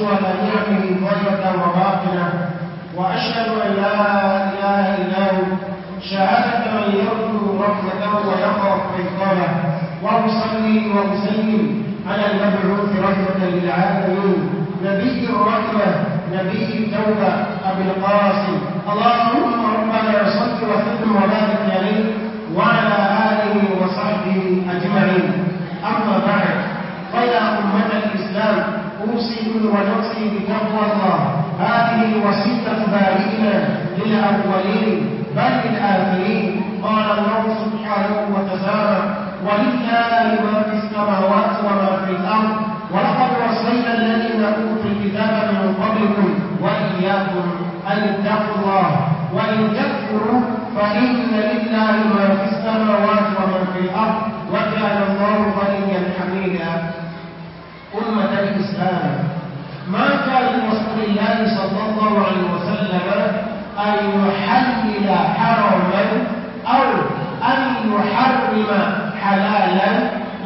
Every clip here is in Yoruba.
واشكر نعمه ضيقا واشهد ان لا اله الا هو شهاده من يرجو رحمته ويقرا فيقاله واصلي واسلم على المبعوث رحمه للعالمين نبي الرحمه نبي التوبه ابي القاسم اللهم ربنا صل وسلم وبارك عليه وعلى اله وصحبه اجمعين اما بعد فيا امه الاسلام أوصيكم ونفسي بتقوى الله هذه الوسيلة بارئنا للأولين بل للآخرين قال الله سبحانه وتعالى ولله ما في السماوات وما في الأرض ولقد وصينا الذين أوتوا الكتاب من قبلكم وإياكم أن اتقوا الله وإن تكفروا فإن لله ما في السماوات وما في الأرض وكان الله غنيا حميدا أمة الإسلام ما كان لرسول الله صلى الله عليه وسلم أن يحلل حرما أو أن يحرم حلالا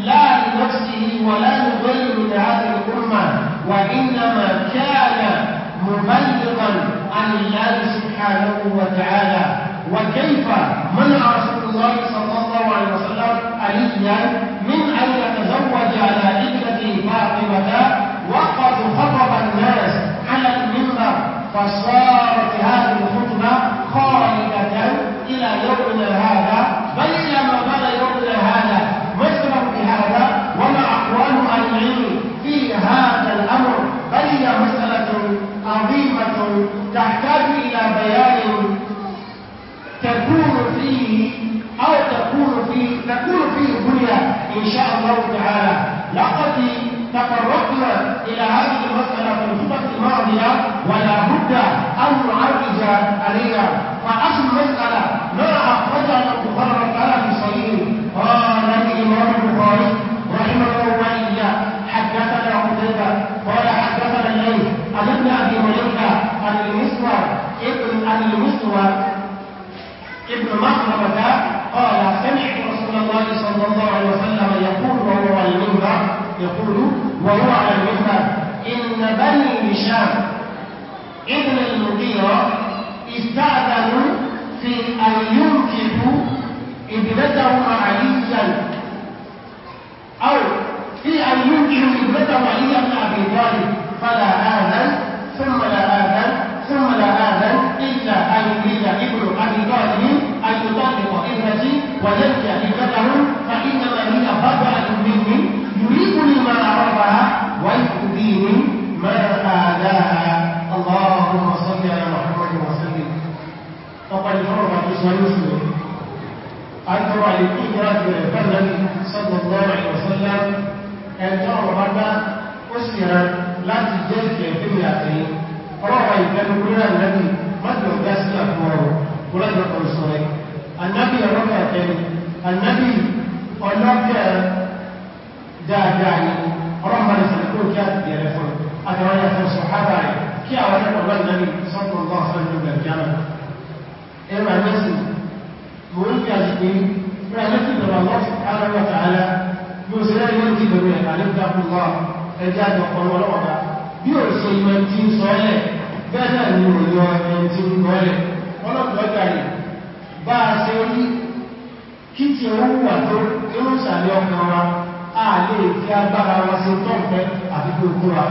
لا لنفسه ولا لغير هذه الأمة وإنما كان مبلغا عن الله سبحانه وتعالى وكيف منع رسول الله صلى الله عليه وسلم عليا من أن يتزوج على ابنته فاطمة وقد خطب الناس على المنبر فصارت هذه الخطبة خالدة إلى يومنا هذا إن شاء الله تعالى لقد تطرقنا إلى هذه المسألة في الخطط الماضية ولا بد أن نعرج عليها فأصل المسألة ما أخرجها من تعالى في صحيح قال الإمام البخاري رحمه الله حدثنا قتيبة قال حدثنا الليل عن ابن أبي هريرة عن المسور ابن ابي المسور ابن مخربة قال سمعت رسول الله صلى الله عليه وسلم يقول وهو على المنبر يقول وهو على المنبر إن بني هشام ابن المغيرة استأذنوا في أن ينكحوا ابنتهم عليا أو في أن ينكحوا ابنتهم عليا بن أبي طالب فلا آذن ثم لا آذن ثم لا آذن إلا أن يريد ابن أبي طالب أن يطلق ابنتي وينكح ابنته أعطاها ويؤذيهم ما آذاها اللهم صل على محمد وسلم فقد حرمت اسم المسلم أكثر على القدرة بالفلن صلى الله عليه وسلم أن ترى بعد أسرا لا تجلك في مئتين روى كانوا كلنا النبي مدلو جاسل أفواره كلنا نقول الصلاة النبي ركعتين النبي ọlọ́pẹ̀ dáadáa ni ọlọ́pàá lè sàlẹ̀ kó kí á ti yẹrẹ fún àtàwọn yàtọ̀ sọ̀hábà rẹ̀ kí àwọn ẹ̀kọ́ bá nàní sọ́kùnrin bá fún ẹ̀kọ́ gàgàrà ẹ̀rọ àmẹ́sì mo ń fi àti pé rẹ̀ lẹ́kì lọ́wọ́ lọ́sì alọ́wọ́ tààlà yóò ti bẹ̀rẹ̀ ń sọ ọkàn wa a lè fi agbára wa ṣe tọ́pẹ́ àti gbogbora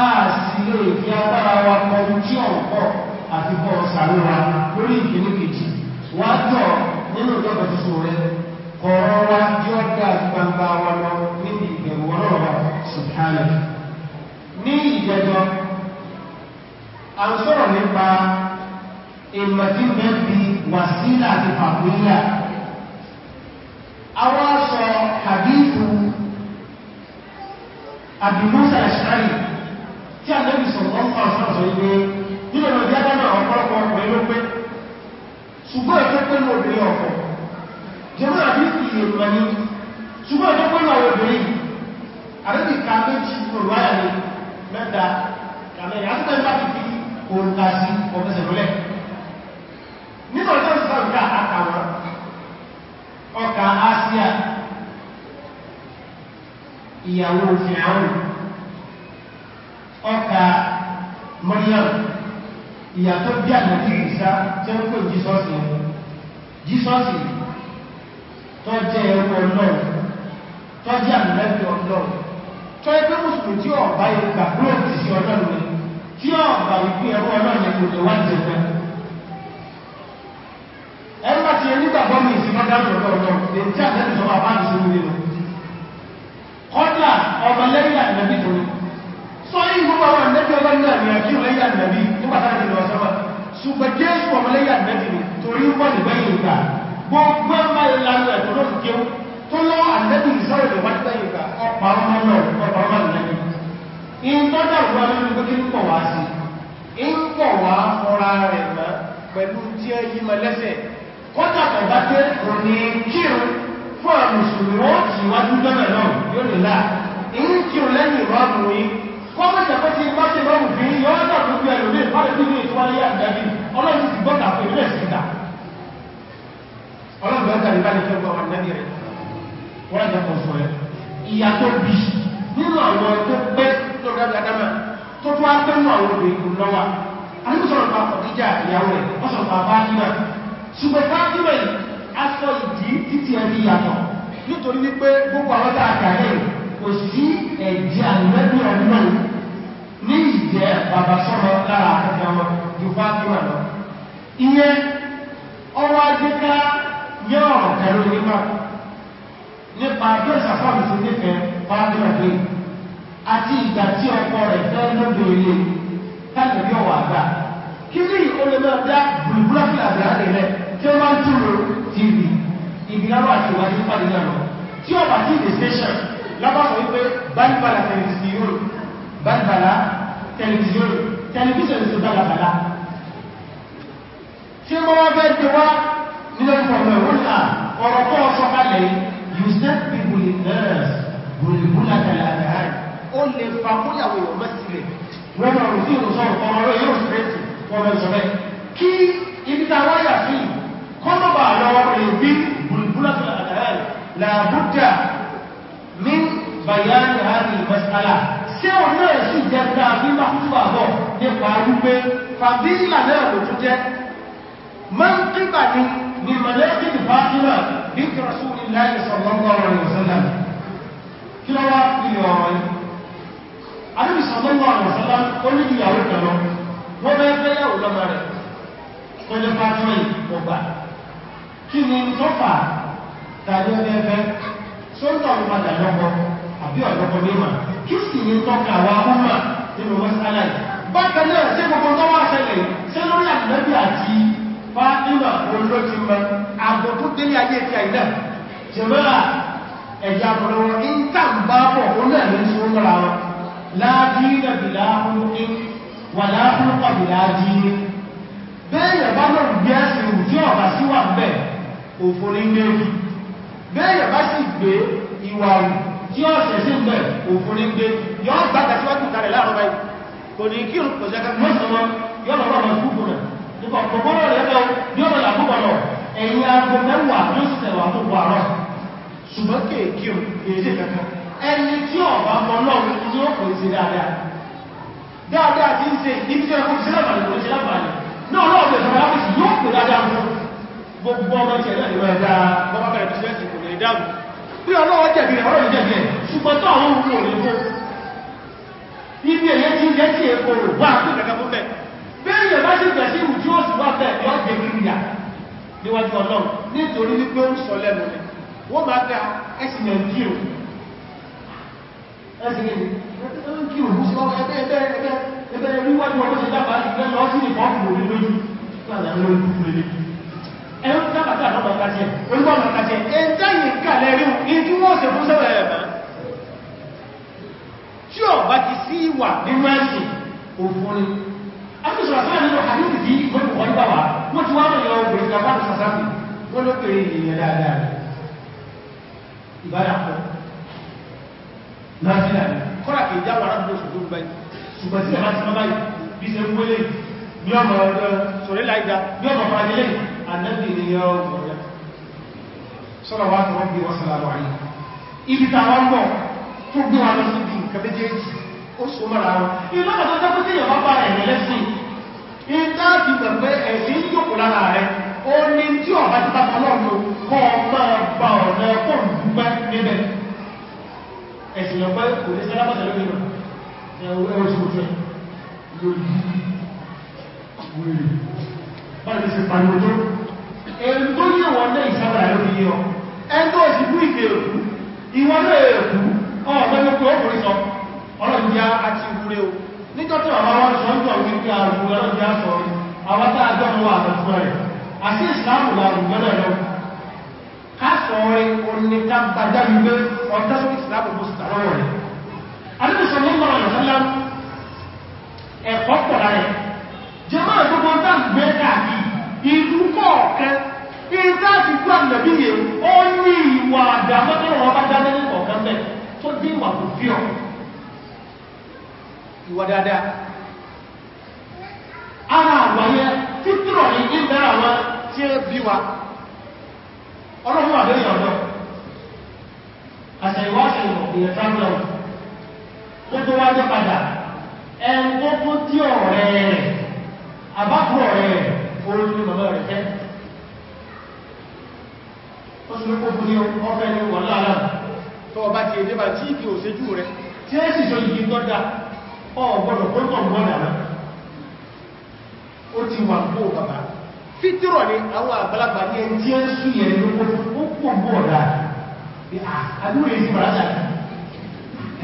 a sì lè fi agbára wa kọlu tí ọ̀pọ̀ àti kọ́ sàríwa lórí ìpínlẹ̀ kejì wá tọ̀ nínú ìjọba tuntun rẹ kọ̀ọ̀rọ̀ wa tí ó dá lọ àwọn aṣọ àdíkù àdìmọ́sà ìṣàrí tí a lẹ́bí sọ̀rọ̀ fàṣọ́ ìgbé nínú ọjọ́ dáadáa ọ̀pọ̀lọpọ̀ ọkùnrin ló pé ṣùgbọ́n ẹ̀kọ́ pẹ̀lú obìnrin ọkọ̀ jẹ́mọ́ àdíkù ìrìnlẹ̀ ni ṣùgbọ́n ẹ̀kọ́ pẹ̀lú àwọn obìnrin àdíkù kàméjì olùwáyà ni mẹ́ta kàmẹ́yà ìyàwó fìràún ọkà Maryam ìyàtọ̀ bí ànàbí ìsá tí ó kò jísọ́sì ẹ̀mọ́ jísọ́sì tó jẹ́ ẹ̀rọ ọlọ́run tó jẹ́ ànàbí ọlọ́run tó ẹgbẹ́ mùsùlùmí tí ọ̀bá ìgbà kúrò ti sí ọlọ́run rẹ̀ tí ọ̀bá ìpín ẹ̀rọ ọlọ́run yẹ kò lè wá ọmọ lẹ́yìn ànàbí tó ní sọ ní gbogbo àwọn ànàbí ọba ní àmì àkíyàn lẹ́yìn ànàbí nígbàtà àti lọ sọ́wọ́ ṣùgbọ́n jésù ọmọ lẹ́yìn ànàbí ni torí wọ́n ní bẹ́yìn ìgbà gbogbo ọmọ ìlànà ẹ̀tọ́ ló fi kéwú tó lọ ànàbí ìsọ́rọ̀ lọ wájú lẹ́yìn ìgbà ọpa ọmọ náà ọpa ọmọ ànàbí in tó dàgbà lórí pé kí ń pọ̀ wá sí tí wájú dọ́nà náà yóò lè láà ń kí o lẹ́yìn ìrọ́mù yìí wọ́n mọ́ ìjọpẹ́ tí wọ́n tí rọ́mù bí yọ́ ọjọ́ tó bí ẹlòmí ìfọ́lẹ̀ tí ní ìtúwálé àgbàbí ọlọ́run ti gbọ́ta fún ìrẹ́ síta ọlọ́run lọ́ta ìbá ní fẹ́ gbọ́wọ́ nẹ́bí rẹ̀ wọ́n jẹ́ kọ́ fún ẹ ìyà tó bí nínú àwọn tó pẹ́ tó dáadáa tó tó á pẹ́ nù àwọn obìnrin lọ́wọ́ alúsọ̀rọ̀ pa ọ̀díjà ìyàwó rẹ̀ wọ́n sọ̀rọ̀ pa fájúmẹ̀ ṣùgbọ́n fájúmẹ̀ aṣọ ìdí títí ẹbí yàtọ̀ nítorí wípé gbogbo àwọn tààkà lẹ́yìn kò sí ẹ̀dí àmìlẹ́bí ọmọ ní ìjẹ́ bàbá sọ́rọ̀ lára àkọ́kọ́ wọn ju fátíwà lọ iye ọwọ́ adéká yẹ́ ọ̀rọ̀ kẹrù nígbà nípa bí ìsàfàmì ti nífẹ̀ẹ́ fátíwà pé àti ìgbà tí ọkọ rẹ̀ fẹ́ lóde ilé tàbí ọwọ́ àgbà kí ní olèmọ́dá bùrùbùrùbùrù àbìlárẹ̀ rẹ̀ tí ó tv ìbìlárò àti ìwájú pàdé náà lọ tí ó bá tí ìdè station lábàtọ̀ wípé bálbàlá tẹlifíṣàn bálbàlá tẹlifíṣàn tẹlifíṣàn tó bálbàlá tí wọ́n wá bẹ́ẹ̀ tí wá nílẹ̀ ìfọ̀mọ̀ ìwọ̀nà ọ̀rọ̀ tó ọ̀ṣọ́ kalẹ̀ yusuf people in nurse gbùlùgbùlà tẹ̀lẹ̀ ó lè fa kóyàwó ọmọ sílẹ̀ wọ́n rọ̀ sí ìrọ̀sọ́ ọmọ rẹ̀ yóò sẹ́ẹ̀tì ọmọ ìṣọ̀rẹ́ kí ibi ta wáyà bayani hadi masala ṣé o náà sì jẹ́ dáadé máa ń fà bọ̀ nípa wípé fàbílà náà ló tún jẹ́ máa ń kígbà ní ní mọ̀lẹ́kì ìfàtíwà bí kí Rasulullahi sallallahu alaihi wasallam kí lọ wá ilẹ̀ ọ̀rọ̀ yìí adúbì sallallahu alaihi wasallam ó ní ìyàwó kẹrọ wọ́n bẹ́ẹ̀ fẹ́ yàwó lọ́mọ rẹ̀ tọ́jọ́ fàtíwà yìí ọgbà kí ni tọ́fà tàbí ọdẹ fẹ́ sóńtọ̀ ìpadà lọ́gbọ́n àbí ọ̀dọ́kọ̀ mímọ̀ kí sì ní tọ́ka wa ọmọ nínú mọ́sálà bákan náà sí gbogbo tó wá ṣẹlẹ̀ sí lórí àdínábì àti fáìmà olóòtìmọ̀ àbò tó dé ní ayé ti àìdá jẹ́mọ́ra ẹ̀yà àbọ̀lọ́wọ́ ìntàǹbápọ̀ onílẹ̀-èdè Bẹ́ẹ̀yẹ̀ bá sì gbé ìwà òun yóò sẹ̀sí mẹ́ òfin ní gbé yóò gbáta sí wákùn kalẹ̀ láàrùn báyìí kò ní kí òun kò sẹ́kẹ́ mọ́sánmọ́ yóò lọ́rọ̀ mọ̀ fún kùnà nípa kòkòrò rẹ̀ lọ yóò lọ́rọ̀ àkókòrò ẹ̀yìn aago mẹ́wàá ló sẹ̀wà tó wà rọ̀ ṣùgbọ́n kéèkì èdè kankan ẹni tí ọ̀bá mọ́ náà ní ó kò sí dáadáa dáadáa ti ń ṣe ibi tí ọkùnrin sí lábàlẹ̀ kò sí lábàlẹ̀ náà lọ́ọ̀ bẹ̀rẹ̀ sọ̀rọ̀ áfíìsì yóò pè bí ọlọ́wọ́ jẹ̀bi rẹ̀ ọlọ́wọ́ jẹ̀bi rẹ̀ ṣùgbọ́n tó àwọn ohun òní fún ibi èyẹ tí ilẹ̀ tí èkó rò wà fún ìdàgbà fún bẹ̀ bẹ́ẹ̀ yẹ̀ bá sì gbẹ̀sí ìwù tí ó sì ẹgbẹ́ ẹgbẹ́ ẹgbẹ́ ẹgbẹ́ ẹgbẹ́ ẹ̀rọ tábàtà lọ́pàá ìkàṣẹ́ orúkọ ọmọ ìkàṣẹ́ ẹ̀ntẹ́yìn kàlẹ̀ rí ní kí wọ́n se fún sẹ́wẹ̀ ẹ̀mà tí ó bá ti sí ìwà nínú ẹ̀sìn òfin akíṣọ́ àṣíwá nínú àdúgbì yìí ìgbóhùn wọ́n bá wà wọ́n ti wá mọ̀ ìyàwó obìnrin kan bá ń sàsáfì wọ́n ló pèrè ènìyàn dáadáa ìbára pọ̀ nàìjíríà kọ́lá kìí já wà rábìlì òṣù tó gbáyì ṣùgbọ́n sí àmà sí mọ́ báyìí bí ṣe ń wélé ní ọmọ ọ̀rọ̀ sọ̀rẹ́láìdá ní ànábì ni yọ ọgbọ̀rẹ́ sọ́rọ̀ wá tọwọ́ bí wọ́n sàlàrọ̀ ayé ibi tàwọn gbọ́ tó gbé wọn lọ sí bí nǹkan méjèèjì ó so mọ́ra wọn ìlọ́nà tó jẹ́ pẹ́sẹ̀ yọ̀wọ́ bá rẹ̀ lẹ́sìn ìtàbí pẹ̀pẹ́ ẹ̀sìn yòkó lára rẹ̀ ó ní tí ọ̀bá ti bàbá lọ́nà kọ́ máa ọ̀nà ẹ̀kọ́ dúpẹ́ níbẹ̀ ẹ̀sìn lọ́pẹ́ kò ní sẹ́lábàtẹ̀ lórí ẹ̀rọ báyìí sí pariwoto ẹ̀rùn tó ní ọ̀wọ̀n náà ìsára ẹ̀rọ fi yọ ẹgbẹ́ òsì fún ìfẹ́ òkú ìwọ̀n náà èkú ọ̀pẹ́lọpẹ́ ọkùnrin sọ ọlọ́dìá àti ìwúre o nítorí àwọn àwọn sọ́jọ́ wípé àrùn ọlọ́dìá sọ àwọn tá àjọ́mọ́ àtàtúwà rẹ̀ àti ìsìláàmù làrùn gbọ́dọ̀ lọ kásọ̀ọ́rẹ́ oníkàbàjá wípé ọ̀dọ́sọ̀ ìsìláàmù bó sì tàwọn rẹ̀ jẹmọ́ gbogbo dáàgbé káàkì ìlú kọ̀ọ̀kẹ́ ìdá ti kú àgbẹ̀bí yẹ ó ní ìwà àdàmọ́tọ̀rọ̀ ọba dáadé ní kọ̀ọ̀kan bẹ́ tó dé ìwà kò fí ọ̀ ìwà dáadáa ara àwáyẹ títúrọ̀ ní ìbẹ̀rẹ̀ àwọn tí ó bí wa ọlọ́run àdéhùn ọ̀dọ́ àṣẹ̀yìnwá àṣẹ̀yìnwó ìyẹ̀ travel ó tó tí ọ̀rẹ́ rẹ̀ àbákùrọ̀ rẹ̀ orin ní mọ̀lá rẹ̀ fẹ́ ó sì lókò fún ní ọfẹ́ ní wọ̀n lára tó ọba ti èdè bá tí ìkí òṣèjú rẹ̀ tí ẹ́ sì sọ ìgbì tọ́dá ọgbọ́dọ̀ pọ́ntọ̀ mọ́dàrá ó ti wà ni àwọn àgbàlagbà ní ẹni tí ẹ́ ń sú yẹn lókò ó pò gbó ọ̀dá àdúrà èsì bàrátà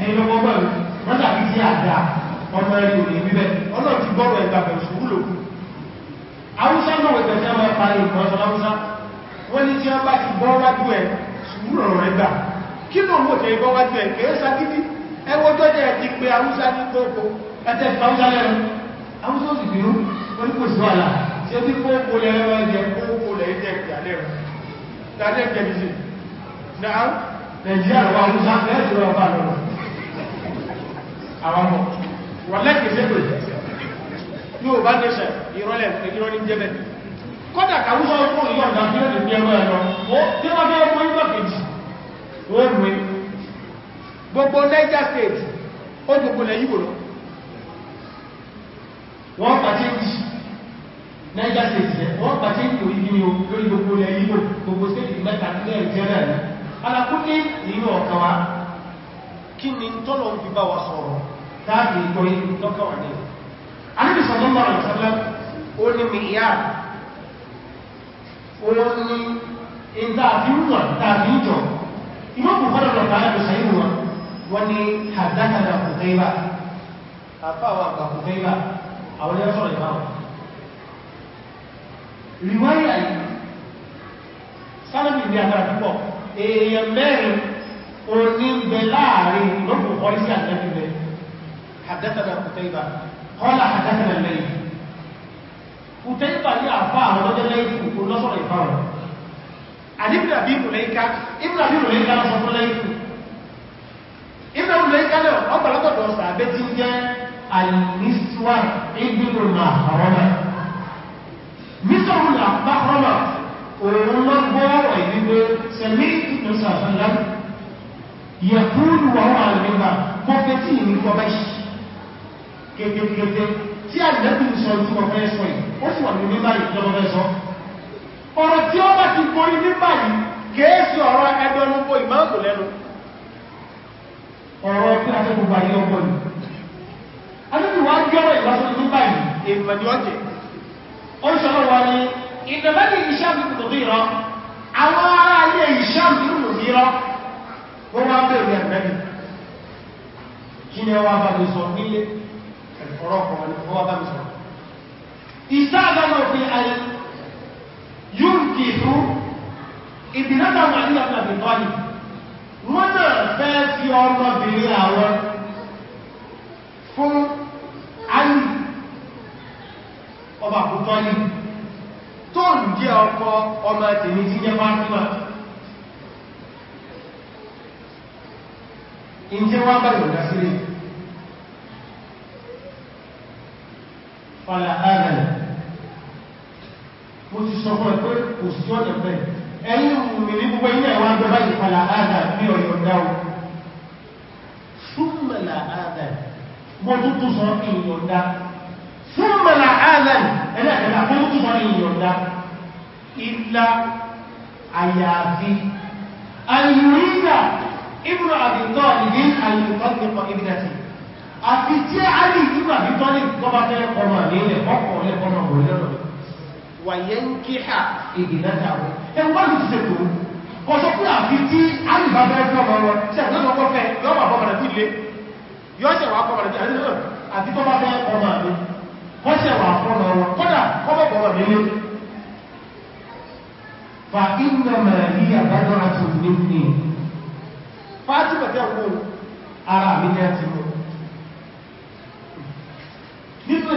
ẹni lọ́gbọ́gbọ́ rẹ̀ bàrátà kí sí àdá ọmọ ẹni ò ní bíbẹ̀ ọlọ́ ti gbọ́rọ̀ ẹgbàgbẹ̀ haúsá náà wẹ̀tẹ̀ tí a máa parí ìkọ̀ọ́sọ̀ haúsá wọ́n ní tí a bá ti bọ́ wájú ẹ̀ ṣùgbúrọ̀ rẹ̀ gbà kí ló mọ̀ tẹ́ ìbọ́ wájú ẹ̀ kẹ́ sá títí ẹwọ́ jọ́jẹ́ ẹ̀ ti pé haúsá ní kókó ẹ̀tẹ́ haúsá lẹ́nu haúsá ó sì bínú wọ́n ní kò sí wàhálà tí ó ti kókó lẹ́rẹ́rẹ́ kókó lẹ́rẹ́ jẹ́ kókó lẹ́rẹ́ yóò bá nẹ́ṣẹ̀ ìrọ́lẹ̀ ìrọ́lẹ̀ jẹ́bẹ̀ kọ́dà kàwúsọ́ fún ìyọ̀nà fílẹ̀ ní ẹgbẹ́ ẹ̀rọ ó tí wọ́n fẹ́ ọmọ ìgbà kejì ó mú gbogbo Niger State ó dùkúlẹ̀ yíbò lọ wọ́n pàtí Niger State rẹ̀ wọ́n pàtí ìpò ìgbìmí lórí gbogbo ilẹ̀ yíbò gbogbo state mẹ́ta nílẹ̀ ìjẹ́rẹ̀ rẹ̀ alákúnlé ìlú ọ̀kan wa kí ni tọ́lọ̀ ń fi bá wa sọ̀rọ̀ táàbì ìkọrin lọ́kàn wà nílẹ̀ anábì sallallahu alaihi wasallam ó ní mìíyà ó ní ìta àti wùwà tàbí ìjọ ìmọ́kù fọ́dọ̀ lọ́ta ẹ̀bù sẹ́yìn wọn wọ́n ní àdákàdà kùtẹ́ibà àfáwà àgbà kùtẹ́ibà àwọn ilé ọ̀sọ̀rọ̀ ìbáwọn riwáyà yìí sáàbì ní àgbàrà قال حدثنا الليل وتيبا لي أربعة ولد الليل وكل نصر إفاره عن ابن أبي مليكة ابن أبي مليكة نصر الليل ابن أبي مليكة لو أبا لقد وصع بيتي جاء النسوة ابن المحرمة مصر المحرمة ونبوه ويبيبه سميت نصر الله يقول وهو على المنبر مفتين وبشر gẹ́gẹ́gẹ́gẹ́ tí àdẹ́bì sọ ìtumọ̀ fẹ́ sọ yìí ó sì wà ní mímá ìjọba fẹ́ sọ ọ̀rọ̀ tí ó bá ti borí mímá yìí kéèsì ọ̀rọ̀ ẹgbẹ̀rúnpọ̀ ìmáàmù lẹ́nu ọ̀rọ̀ tí a fẹ́ gbogbo ayé ọkọ̀ yìí adébì wá gẹ́rọ ìwásọ̀ mímá yìí èèmọ̀ ni ọjẹ́ ó ń sọ̀rọ̀ wà ní ìdẹ̀mẹ́lì ìṣàbùkùnmíra àwọn ará ayé ìṣàbùkùnmíra wọ́n wá bẹ̀rẹ̀ ẹ̀mẹ́lì kí ni wọ́n bá lè sọ nílé ọ̀rọ̀ ọ̀pọ̀ ọwọ́ bá mi sọ̀rọ̀ ìsáàdánà fi ayé yóò kì í fún ìbìnátà wà ní ọ̀pọ̀ àbìtọ́lì wọ́n náà fẹ́ fi ọmọbìnrin àwọn fún ayé ọba àkútọ́lì tó ń jẹ́ ọkọ ọmọ tèmi tí jẹ́ fátímà ìjẹ́ wá bá yọ̀dá sílé fàlà ààrẹ mo ti sọ fún ẹ pé kò sí ọ̀dẹ̀ pẹ̀ ẹ̀yìn mi ní gbogbo ilẹ̀ wa gbọ́bá yìí fàlà ààrẹ ní ọ̀yọ̀ dáwọ̀ súnmọ̀là ààrẹ mo tún tún sọ ìyọ̀ndá súnmọ̀là ààrẹ ẹlẹ́ẹ̀kẹ́lá mo tún sọ ìyọ̀ndá ìlà àyàfi àyùrídà ibùdó àbìtọ́ ìdí àyùkọ́ ìpọ̀ ìbìdàtì àti tí àrí ìgbà bí tọ́lì tọ́bá tẹ́ ọmọ àníyàn ọkọ̀ lẹ́kọ̀ọ́mọ̀ òlẹ́rọ̀ wàyẹ́ ń kí à ìdìnàtà rẹ̀ ẹwọ́n ti ṣe tó ọ̀sọ́ pé àfi tí àrí bá bẹ́ẹ̀ fún ọmọ wọn ṣe àtúnṣe ọkọ̀ fẹ́ yọ́ bà bọ́ bàrẹ̀ bí ilé yọ́ ṣe wà bọ́ bàrẹ̀ bí àti náà àti tó bá bẹ́ẹ̀ ọmọ àmì wọ́n ṣe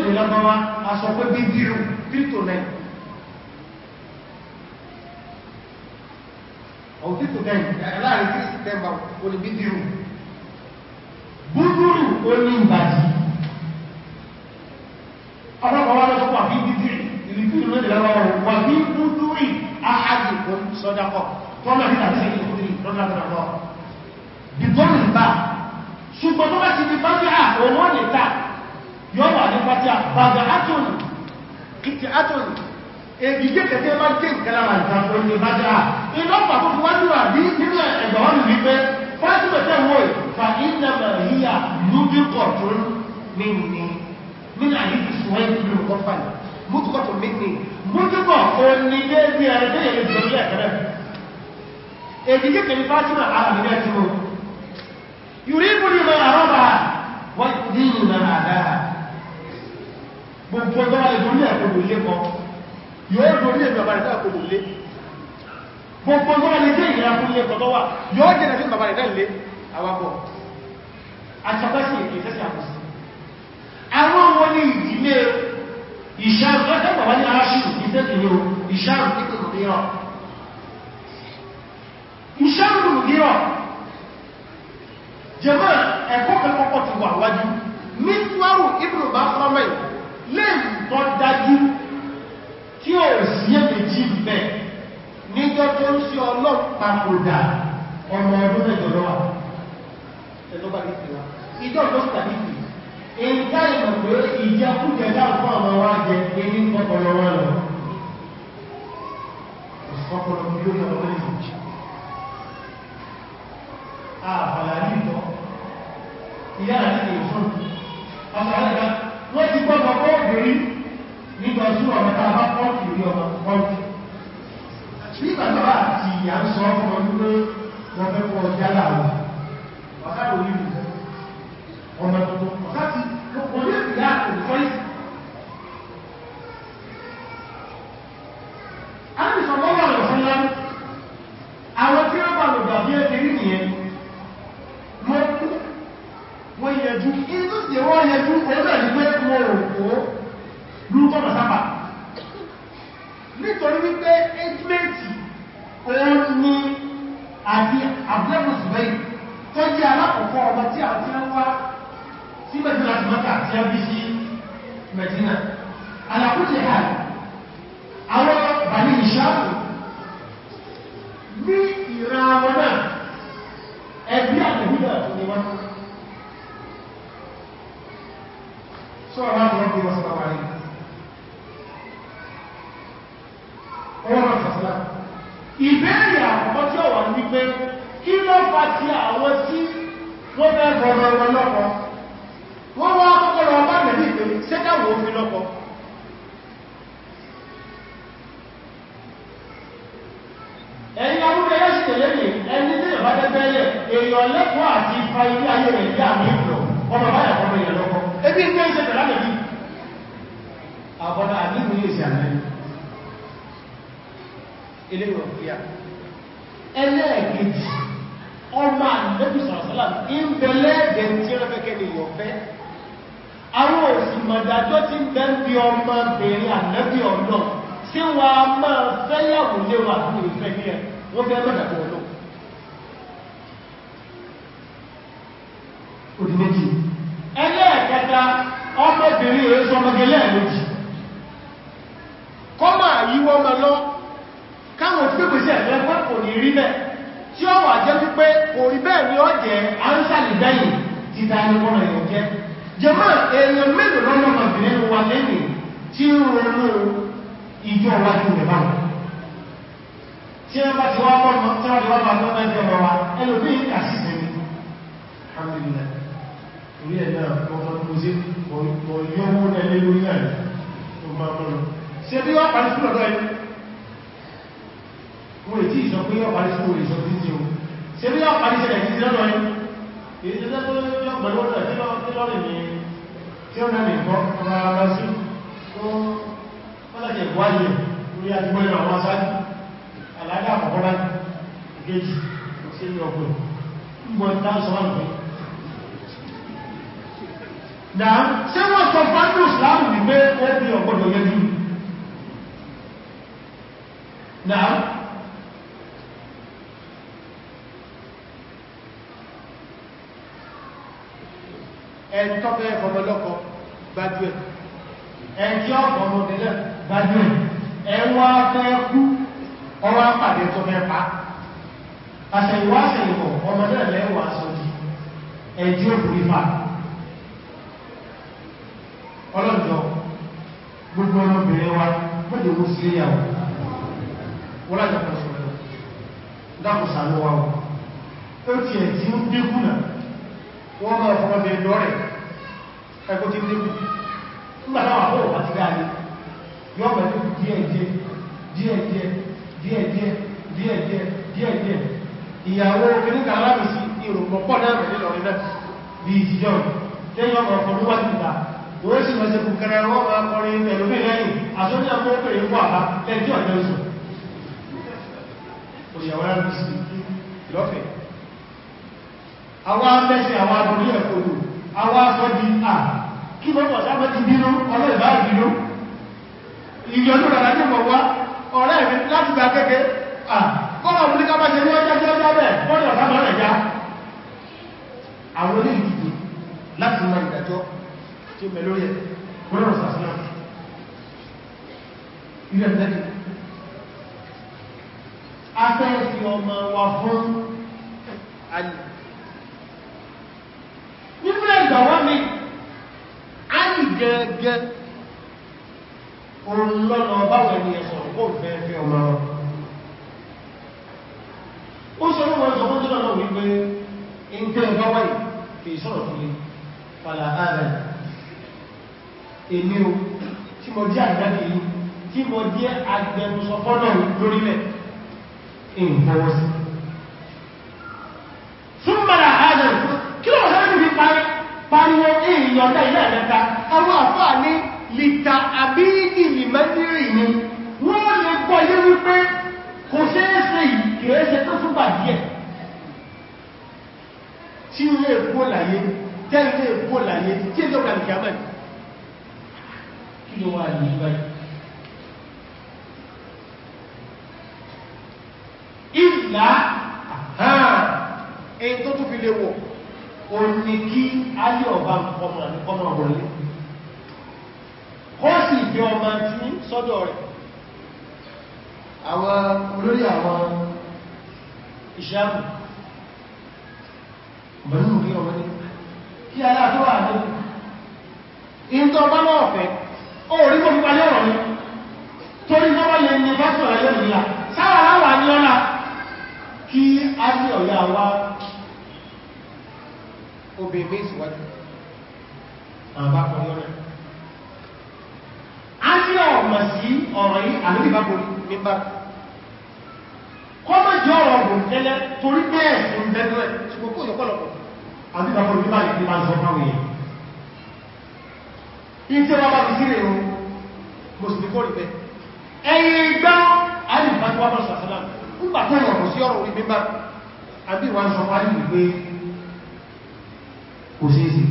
èdè lábáwá aṣọ pé bí bírù títò nẹ ọ̀ títò nẹ láàrin tí sẹ́tẹ̀mbà ó ní bí bírù búrúrù ó ní ìbàjì ọlọ́pàá wọ́n lọ́pàá bí bírù ìrìnkú ìlú èdè lábáwá wà bí búrúrù àhàjì kò sọ́dápọ̀ tọ́lọ̀ nígbà tí ìlú ìlú lọ́nà yọ́ wà ní pàtí àbága átùn kìtì átùn èbí kéèkéé bá gé ìkẹlára ìtàkùn ní bá dáa ìlọ́pà tó fi wá níwà bí nínú ẹ̀gbọ̀n ní wípé fásitẹ̀ wọ́n fa ìnàmà ríyà lúdíkọ̀ tó ní ní nínú àyíkì ṣùgbọ́n ìlú kọfà mútukọ̀ gbogbo ẹgbẹ́ rẹ̀ lórí ẹ̀kọ́dò ilé kan yóò lórí ẹ̀mí ọba rẹ̀ ẹ̀kọ́dò ilé gbogbo ẹgbẹ́ rẹ̀ jẹ́ ìrìnà fún ilé kan tó wà yóò jẹ́ ẹ̀kọ́ bàbá rẹ̀ lẹ́ awapọ̀ àṣàkọ́sí ìfẹ́sẹ̀ àkọsí àwọn wọn ní ìdílé ìṣàrù lọ́tẹ̀ bàbá ní aṣù ìfẹ́kìlò ìṣàrù ìpínlẹ̀ mìíràn ìṣàrù mìíràn jẹ́mọ́ ẹ̀kọ́ kẹ́kọ́kọ́ ti wà wájú ní tuwaru ibùdó bá fọ́mọ́ lè tọ́ dájú tí ó sí èméjì bẹ̀ níjọ́ tó ń sí ọlọ́pàá ọmọ ọdún mẹ́jọ lọ́wà ẹ̀lọ́pàá ní ìpínlẹ̀ ìjọ́ tó tàbí ìpì ẹ̀ká ìmọ̀ pé ìjẹkújẹ dáàfún àwọn wá jẹ ẹni pọ̀pọ̀lọ wọn lọ ọ̀pọ̀lọ mílíọ̀nù ọmọ ìjì àbàlá ní ìtọ́ ìyá àti ìfún ọmọ ọ̀gá wọ́n ti gbọ́nà kọ́ọ̀bìrí nígbà sí ọ̀rọ̀ tá bá pọ́ọ̀kì rí ọmọ pọ́ọ̀kì nígbà tó ti ìyà ń sọ ọmọ wípé wọ́n jálà wọn wọ́n sáà ìjọ wájú rẹ̀ báwọn tí wọ́n bá ti wá mọ́nà tí wọ́n ti wá máa lọ́nà ẹgbẹ́ ọmọ wa ẹlòmí àṣìṣẹ́ ni alhamdulillah orí ẹ̀ náà ọmọ tó ṣe ọ̀yọ́wó ẹlẹ́ lórí náà tó máa mọ́nà ṣe bí wọ́n parí fúnlọ́dọ́ ẹni wọ́n ètí ìsọ pé wọ́n parí fúnlọ́ ìsọ tí ti o ṣe bí wọ́n parí ṣẹlẹ̀ ti lọ́dọ̀ ẹni èyí tẹ́lẹ́ tó lọ́pẹ̀lọ́dọ̀ tí lọ́rin ní tí ó náà nìkan ọmọ ara sí sájẹ̀ wáyẹ̀ lórí àdúgbọ́lẹ̀ àwọn asájú alága àkọ́kọ́lá gẹ́jì sí ilé ọgbọ̀n ń gbọ́n tán sọ wọ́n pẹ̀ dáa ṣe wọ́n sọ fánús láàrùn wípé ó bí ọgbọ́dọ̀ yẹ́ jù dáa ẹ̀ntọ́fẹ́ ọmọlọ́kọ̀ gbájú ẹ̀ ẹ̀kí ọ̀pọ̀ ọmọdélẹ̀ gbájú ẹwà fẹ́ẹ̀kú ọwọ́ àpàdé tó mẹ́pa àṣẹ̀yìnwá ọmọdé lẹ́wà sọ́jí ẹ̀dí òbúrífà ọlọ́jọ́ gbogbo ọmọbìnrin wa mọ́dé sí wọ́n lájọ́ sọ́rọ̀ nígbà náà àpọ̀rọ̀ wá ti dáadé yọ́ pẹ̀lú díẹ̀díẹ̀ díẹ̀díẹ̀ díẹ̀díẹ̀ díẹ̀díẹ̀ díẹ̀díẹ̀ ìyàwó oníkà alábìsí ìrùpọ̀ pọ̀ náà rẹ̀ lọ rẹ̀ bí ìjọ tẹ́yọ́ ọ̀rọ̀ fún wá ti dá orí sì mẹ́sẹ̀ kù kẹrẹ wọ́n máa kọrin ilẹ̀ lómi lẹ́yìn àtúnyà mọ́ pèrè wà bá lẹ́jọ́ ọ̀dọ́ ìsọ̀ òṣèwọ́ alábìsí lọ́fẹ̀ẹ́ àwọn amẹ́sẹ̀ àwọn abúlé ẹ̀kọ́ lò àwọn afọ́dí à kí gbogbo ọ̀sáfẹ́ ti bínú ọlọ́ ìbá ìbínú ìyọnú rẹ̀ láti mọ̀ wá ọ̀rẹ́ mi láti gba kẹ́kẹ́ kọ́nà òun ní kápá ṣe ní ọjọ́ tí ó jábẹ̀ bọ́ọ̀lù ọ̀sáfẹ́ rẹ̀ já àwọn oní ìdìbò láti mọ ìdájọ́ tí ó mẹ lórí ẹ̀ bọ́ọ̀lù ọ̀sáfẹ́ ilẹ̀ ìdájọ́ afẹ́ ọmọ wa fún àyè gẹ́gẹ́ òun lọ́nà báwọn ènìyàn sọ̀rọ̀ kó fẹ́ fẹ́ ọmọ ó sọ lọ́wọ́ ẹ̀sọ̀ fún jùlọ náà wípé ìgbẹ́ ìgbọ́wàí kì í sọ̀rọ̀ fún mi fàlà ààrẹ èmi o tí mo jẹ́ àgbàkì yìí tí mo jẹ́ agbẹnusọfọ́nà lórílẹ̀ ìgbọ́wọ́sí fún mara ààrẹ kí lọ́wọ́ sọ́rọ̀ lìtà àbíyìdì lìmẹ́dìrì ni wọ́n lè gbọ́ yé wípé kò ṣeéṣe ìkèéṣe tó fún bàdíẹ̀ tí ilé èkó láyé tẹ́lẹ̀ èkó láyé tí èdè ọ̀gbà nìkà mẹ́ kí ló wà ní ìbáyìí ìlà àhán èyí tó tún fi lè wọ̀ òní kí ayé ọba ọmọ àti ọmọ ọ̀rọ̀lẹ́ gbé ọmọ tí sọ́dọ̀ rẹ̀ àwọn olórí àwọn ìṣàbù bẹ̀rẹ̀ mú kí ọmọ ní kí ayá tó wà ní ìntọ́ bá mọ́ ọ̀fẹ́ ó rí mọ́ pípa lẹ́rọ̀ ní torí lọ́wọ́ yẹn ni bá sọ̀rọ̀ ayẹ́ ìrìnlá sára láwà ní ọ́nà kí á sí ọ̀yá wa ní a ní ọmọ sí ọ̀rọ̀ yìí àríbàbò nípa kọ́mọ̀ jọ ọ̀rọ̀ ọ̀rọ̀ tẹ́lẹ̀ torí bẹ́ẹ̀ sí ń bẹ́ẹ̀ ṣùgbọ́n kó yọpọ̀lọpọ̀ àríbàbò nípa ìpínlẹ̀ máa ń sọ fáwọn èèyàn ìtẹ́ wọ́n bá fi sílẹ̀ ohun mùsùlùmí kó rí bẹ́ ẹ̀yìn ìgbá alìfàtíwà bá sàtàlá ń bà tẹ́rọ ọ̀rọ̀ sí ọ̀rọ̀ orí mímbà àbí wọ́n sọ wáyé wípé kò sí ìsìn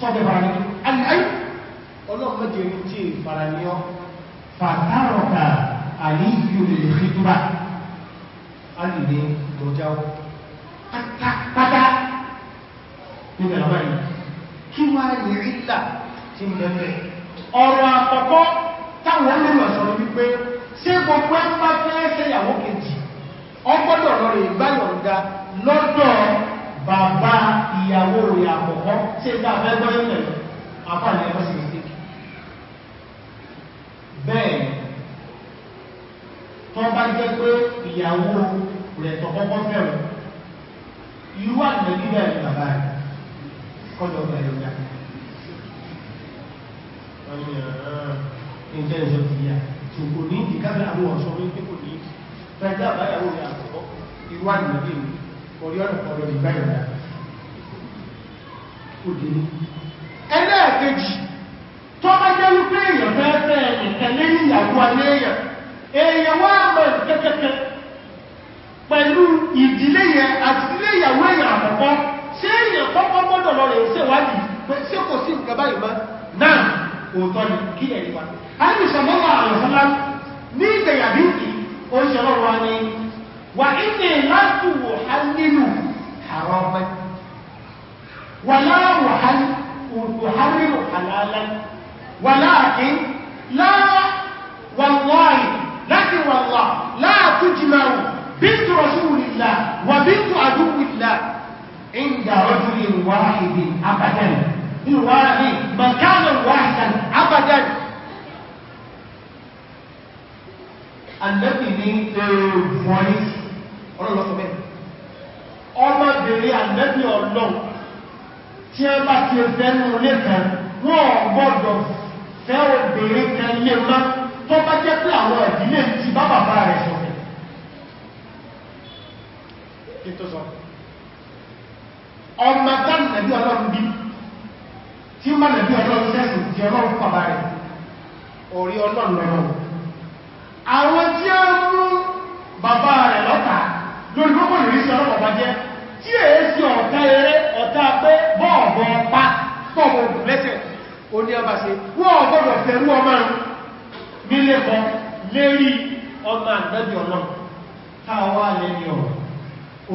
sọ́jẹ́ fara ní aláì ọlọ́mọdérí tí è fara ní ọ fàtàrọ̀ta àríyù lè fìtúrà alìlé lọ́jáwó pátápátá nínú ẹ̀rọ báyìí kí wá ní rílà tí ń bẹ̀rẹ̀ ọ̀rọ̀ àkọ́kọ́ táwọn olóòrùn ọ̀sọ̀rọ̀ bàbá ìyàwó rẹ̀ àkọ́kọ́ tí bá bẹ́gbọ́ ìpẹ̀ àpàlẹ̀ ẹ̀kọ́ sí mistake bẹ́ẹ̀ tó bá jẹ́ pé ìyàwó rẹ̀ tọ́kọ́kọ́ fẹ́rẹ̀ irú àtẹ̀ nílẹ̀ bàbá rẹ̀ kọjọ bẹ̀rẹ̀ ọjà ìjẹ́ ah, ìjẹ́ ìyà tí kò ní ìkábẹ̀ àwọn ọ̀ṣọ́ ní pípò ní fẹ́ orí ọ̀nà pọ̀lọ̀ ìgbà ìrìnà òdìní ẹlẹ́ẹ̀kejì tó bá jẹ́ wípé èèyàn fẹ́ẹ́fẹ́ ìtẹ̀lé ìyàwó aléèyàn èèyàn wá mọ̀ kẹ́kẹ́kẹ́ pẹ̀lú ìdílé yẹn àti ilé ìyàwó èèyàn àkọ́kọ́ ṣé èèyàn kọ́kọ́ gbọ́dọ̀ lọ rẹ̀ ṣèwádìí pé ṣé kò sí nǹkan báyìí mọ́ náà òótọ́ ni kí ẹ̀rí wa. a ní ìṣàmọ́wà àlọ́sọ́lá ní ìgbẹ̀yàbí òṣèlọ́wọ́ ni وإني لست أحلل حراما ولا أحلل حلالا ولكن لا والله لكن والله لا تجمع بنت رسول الله وبنت عدو الله عند رجل واحد أبدا الواحد مكانا واحدا أبدا الذي من ọlọ́lọ́sọ bẹ́ẹ̀ ọmọbìnrin àgbẹ́bì ọlọ́run tí a bá ti fẹ́nu lẹ́kàn wọ́n gbọ́dọ̀ fẹ́ obìnrin kan lè má tó bá jẹ́ pé àwọn ìdílé ti bá bàbá rẹ̀ sọ ọmọ tán nàbí ọlọ́run bí tí má nàbí ọlọ́run sẹ́sìn tí ọlọ́run pàbá rẹ̀ orí ọlọ́run lọ́rọ̀ àwọn tí ó mú ìrísí ọlọ́pàá jẹ́ tí èé sí ọ̀tá eré ọ̀tá pé bọ́ọ̀bọ̀ pa tọ́bọ̀ ògùn lẹ́sẹ̀ ó ní ọba ṣe wọ́n gbọ́dọ̀ fẹ̀rú ọmọ nílé kan lérí ọmọ àgbẹ́bì ọ̀nà táwà lẹ́ni ọ̀rọ̀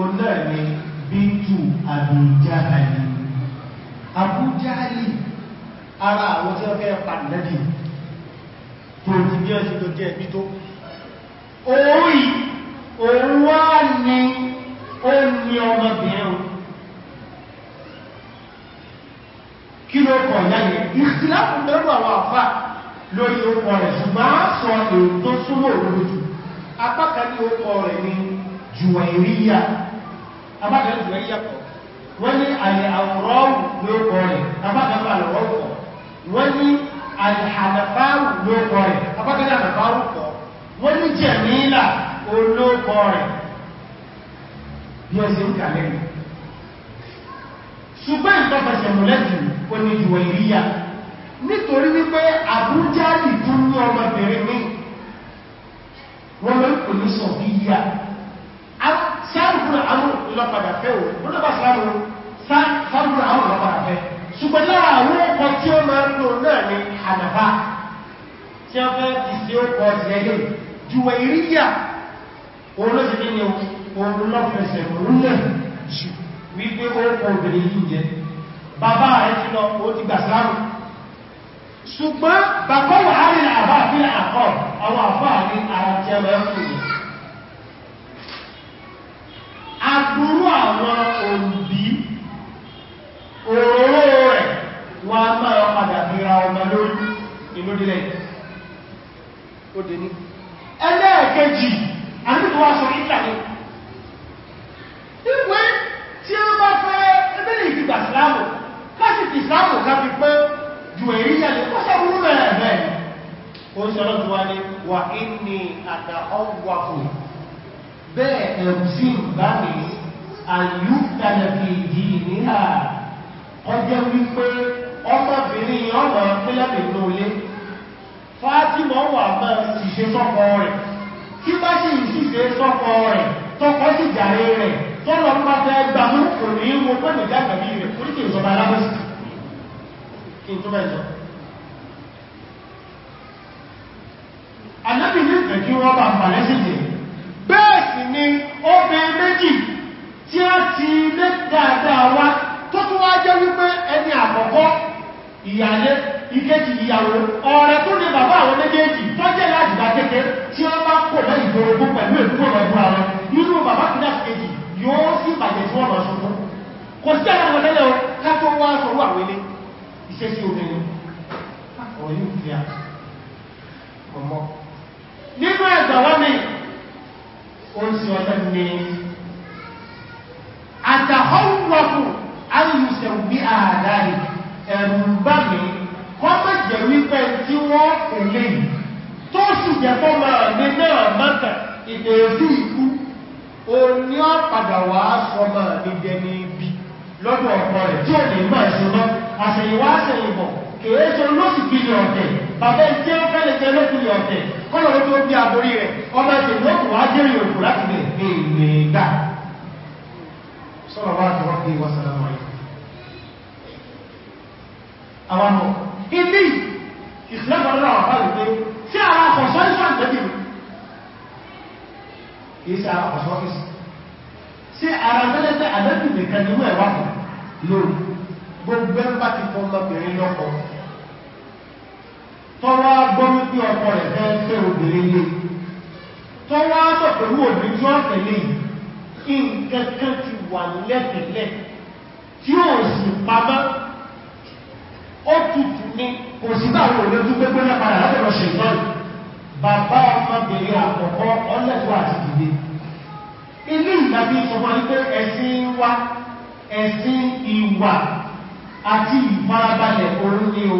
ọ̀nà ni bíntù àbújáàlì àbújáàlì ara àwọn tí wọ́n fẹ́ pàdánàbì tó ti bí ọ̀sìn tó jẹ́ ẹ̀bí tó orí òun wá ní ó ní ọmọbìnrin kí ló kọ̀ yáyẹ ìsìláàpù lẹ́rù àwọn àfà lórí ọkọ̀ rẹ̀ ṣùgbọ́n sọ èrò tó súnmọ́ òun jù apákà ní ọkọ̀ rẹ̀ ní jùwẹ̀ríyà apákà ní jùwẹ̀ríyà kọ̀ wọ́n ní àyẹ̀ àwòrán lóòkọ̀ rẹ̀ apákà ní àwòrán kọ̀ wọ́n ní àyẹ̀ àdàfáàrù lóòkọ̀ rẹ̀ apákà ní àdàfáàrù kọ̀ wọ́n ní olóòkọ rẹ̀ bí ẹ̀sẹ̀ ń kà lẹ́nu ṣùgbọ́n ìtọ́fẹsẹ̀ mọ̀lẹ́sìn ó ní ìwọ̀ ìríyà nítorí wípé àbújá ìtú ní ọmọbìnrin ní wọ́n ló ń pè ní sọ bí yíya sáàrùn àwọn ìlọ́padà fẹ́ o ó lọ́pàá sáàrùn àwọn ìlọ́padà fẹ́ ṣùgbọ́n lára àwọn ọkọ̀ tí ó máa ń lò náà ni hànàbá tí wọ́n fẹ́ fi sí ó kọ́ ti òun ló ti kíni òun lọ́fẹsẹ̀ múlẹ̀ jù wípé ó kọ obìnrin yìí jẹ bàbá rẹ̀ ti lọ ó ti gbà sáàrù ṣùgbọ́n bàbá wà á rìn àbá àfihàn àkọ́ àwọn àfá ní ara tí a rẹ̀ fún yìí agbúrú àwọn òbí òróró rẹ̀ wọ́n a máa padà bíra ọmọ lórí inú dílẹ̀ ó dé ní ẹlẹ́ẹ̀kejì ọlọ́dún wá ní wà ní àtàọwàfò bẹ́ẹ̀ ẹ̀rùsí bá mi àyúkànàfì ìdí níhà ọjọ́ wípé ọmọbìnrin ọmọ pílẹ̀mì lóòlé fátímọ̀ wà mọ́ ìṣẹ́ sọ́kọ rẹ̀ kí bá sì ìṣẹ́ sọ́kọ fẹ́ kí wọ́n bá pàlẹ́ sí jẹ́ bẹ́ẹ̀ sì ni ọbẹ̀ méjì tí a ti lé dáadáa wá tó tún wá jẹ́ wípé ẹni àkọ́kọ́ ìyálé ìkejì ìyàwó ọ̀rẹ́ tó ní bàbá àwọn méjèèjì tó jẹ́ láti bá kéèké tí wọ́n bá pò lẹ́yìn gbogbo pẹ̀lú èkúrò lọ́gbọ́n ara irú bàbá kìí láti kejì yóò sì bàjẹ́ tí wọ́n lọ ṣùgbọ́n kò sí àwọn ọmọdẹ́lẹ̀ ká tó wá sọ̀rọ̀ àwọn ilé iṣẹ́ sí obìnrin ọ̀yún fi à ọmọ nínú ẹ̀gbà wá ní oun sí ọjọ́ ní àtàhọ́wọ́pù alìyùsẹ̀ bí àádáyì ẹ̀rù bá mi wọ́n mọ́ jẹ́ wípẹ́ tí wọ́n kò lè tó sì jẹ́ fọ́ máa ní náà mọ́ta ìdèrí ikú o ní ọ padà wà sọ máa ní jẹni ibi lọ́dọ̀ ọ̀pọ̀ rẹ̀ tí ò lè máa ṣe mọ́ àṣẹ̀yìnwá àṣẹ̀yìnbọ̀ kèéṣe olóṣìbí ní ọ̀tẹ̀ bàbá tí ó fẹ́ lè jẹ lókùnrin ọ̀tẹ̀ kọ́lọ̀ ló tó bí aborí rẹ̀ ọmọ ẹ̀sẹ̀ lókùn wá jẹ́ ìrìn òkú láti lè fi lè gbà sọ́rọ̀ wá tọwọ́ pé wọ́n sọ́rọ̀ wọ́n àwọn ọmọ ilé ìsìlẹ́gbọ̀nlá àwọn àpá ìpé tí àwọn akọ̀ṣọ́ ìṣàn tẹ́bì kìí sí tọ́wọ́ gbọ́ wípé ọkọ rẹ̀ fẹ́ fẹ́ obìnrin lè tọ́wọ́ mọ̀ pẹ̀lú òbí tí wọ́n tẹ̀lé ìǹkẹ́kẹ́ ti wà lẹ́tẹ̀lẹ̀ tí ó sì pamọ́ ó tutù ní kò sí báwọn olójú pẹ́pẹ́ lápàdà látọ̀rọ̀ ṣètọ́rì bàbá ọmọbìnrin àkọ́kọ́ ọlẹ́tọ́ àti ìdílé ilé ìgbàbí ìsọmọ wípé ẹ̀sìn wa ẹ̀sìn ìwà àti ìfarabalẹ̀ orú ní o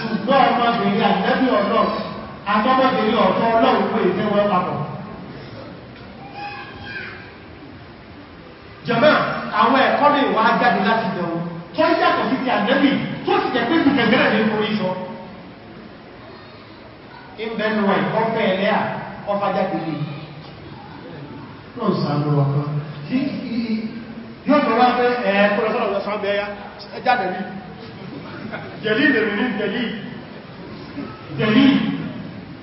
ṣùgbọ́n ọmọbìnrin àtẹ́bí ọlọ́run àtọ́mọ́bìnrin ọ̀tọ́ ọlọ́run pé ìtẹ́wọ́ papọ̀ jàmá àwọn ẹ̀kọ́ lè wá jáde láti dẹ̀wọ́ tó yàtọ̀ sí ti àtẹ́bí tó sì tẹ̀pẹ́ sí kẹgbẹ́rẹ̀ ní orí sọ ìbẹ̀nu ẹ̀kọ́ fẹ́ ẹlẹ́à ọfà jáde lè lọ́n sàánú ọkọ̀ yóò tó wá fẹ́ ẹ̀ẹ́kọ́ lọ́sọ́lọ́sọ́ جليل من جليل جليل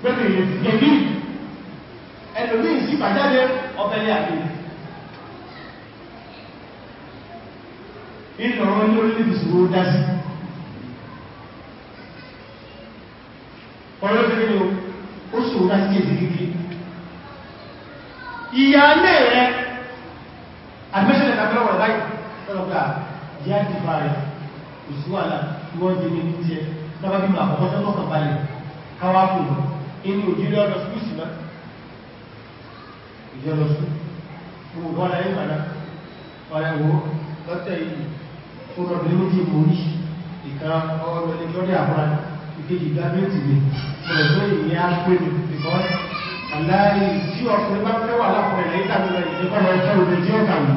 gbẹ́gbẹ̀rẹ̀ jẹ̀lì ẹlòmí sí bàjáde ọbẹ̀lẹ̀ àgbèrè inú ọ̀rọ̀ ní orílẹ̀ ìṣòro dásí ọ̀rọ̀ ìrìnlẹ̀ ó ṣòro dásí èdè ìyà alẹ́ rẹ̀ àgbẹ́ṣẹ̀lẹ̀ tàbí ọwọ̀ ìbáyìí kò sí wà láà wọ́n jẹ́ ní jẹ́ lọ́pàá bí ma àkọ́kọ́ tọ́kọ̀ kan balẹ̀ káwàá fún un inú òjírí ọ̀dọ̀ sùkú sí má ìjọdọ̀ sùn fún ọ̀rọ̀ ayé màdá ọ̀rẹ́ wo lọ́tẹ̀ yìí fún ọdún ló jẹ́ mórí ìkan ọ̀rọ̀ ilé lọ́dẹ̀ àbúrà ìkejì gámẹ́ntì ni ọ̀rọ̀ tó ìyẹ́ á pé ní ìkọ́ aláàrí tí ọkùnrin bá fẹ́ wà lápọ̀ẹ̀lẹ́ ìtàkùnrin ìjọba ọ̀fẹ́ òde tí ó kàwé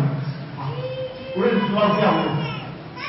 orí ìfúnwá sí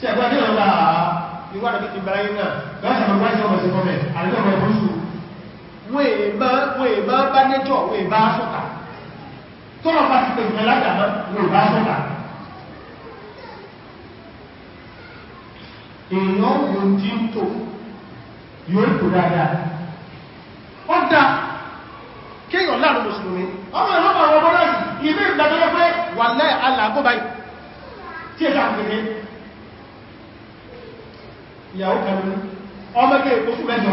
tí ẹgbẹ́ tí wọ́n bá ìwádà tí ti báyé náà lọ́sẹ̀ mọ̀ wáṣẹ́ ọmọ sí fọ́mẹ̀ àríwọ̀mọ̀ ìbúṣù wọ́n èbá bá nẹ́jọ́ wọ́n èbá sọ́ta tọ́rọ bá ti pẹ̀lú ẹlátàmọ́ wọ́n èbá sọ́ta èèyàn yóò dí ń tò yóò kò dáadáa ọ́dá kéèyàn láàrín mùsùlùmí ọmọ ìrọ́pàá ọmọ náà ilé ìgbàdọ́lọ́pẹ́ wà láì alàgbọ́báyì tí ẹ̀ta pẹ̀lú ìyàwó kanú ọmọdé oṣù mẹ́jọ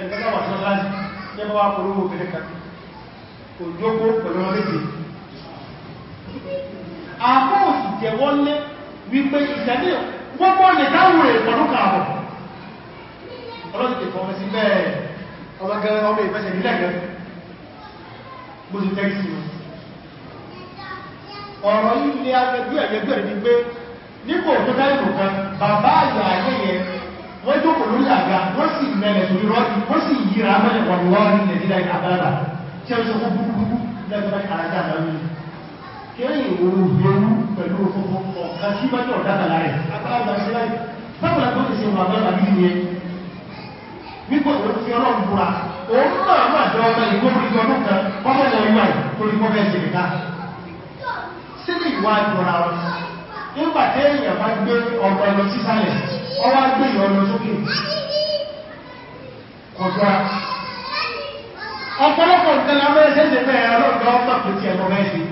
ẹ̀gbẹ́gbà tí wọ́n láti yẹ́bọ́ wá polówó obìnrin kan kò jókó pẹ̀lú ọmọdé àpọ̀ òsì jẹ́wọ́ lé wípé ìjẹ́lẹ̀ gbogbo ọ̀nà ìdáwò rẹ̀ pọ̀lú kààbọ̀ ọlọ́dún tẹ̀kọ́ ọmọ sí bẹ́ẹ̀ ọmọgẹ́rẹ́ ọmọ ìfẹ́sẹ̀ nílẹ̀gẹ́rẹ́ bó ti tẹ́rì sí ọ̀rọ̀ ilé agbẹ́gbẹ́ ẹ̀gbẹ́gbẹ́ rẹ̀ ní pé nígbò tó dáìkò kan bàbá àyà ayẹyẹ wọ́n jókò lórí àga wọ́n sì mẹ́rẹ̀ sórí rọ́dì wọ́n sì yíra mẹ́rẹ̀ wọ̀n lọ́rin nàìjíríà ìdábára tí ó ṣokó búrúkú lẹ́gbẹ̀rẹ̀ kàrájà lọ́rin kẹ́yìn òru ìgbérú pẹ̀lú òfófó ọ̀kan tí mẹ́jọ dábà láàrẹ̀ agbára ìṣẹ́lẹ̀ bábàrà tó ti ṣe wà bẹ́ẹ̀ àbí nìyẹn nígbà tó fi ọlọ́run búra òun náà máa jọ ọmọ ìgbó orí ọdún kan ọmọ ìwọ̀n ìwọ̀n torí kọ́fẹ́ ìṣẹ̀lẹ̀ ká sílẹ̀ nígbà tí èèyàn bá gbé ọgbà ẹ̀lọ sísàlẹ̀ ọwá gbé ìyọ̀nà sókè ọ̀gbà ọ̀pọ̀lọpọ̀ ìtẹ́lẹ̀ abẹ́rẹ́sẹ́sẹ́ bẹ́ẹ̀ ọlọ́gbà ọgbà tó ti ẹ̀kọ́ mẹ́sì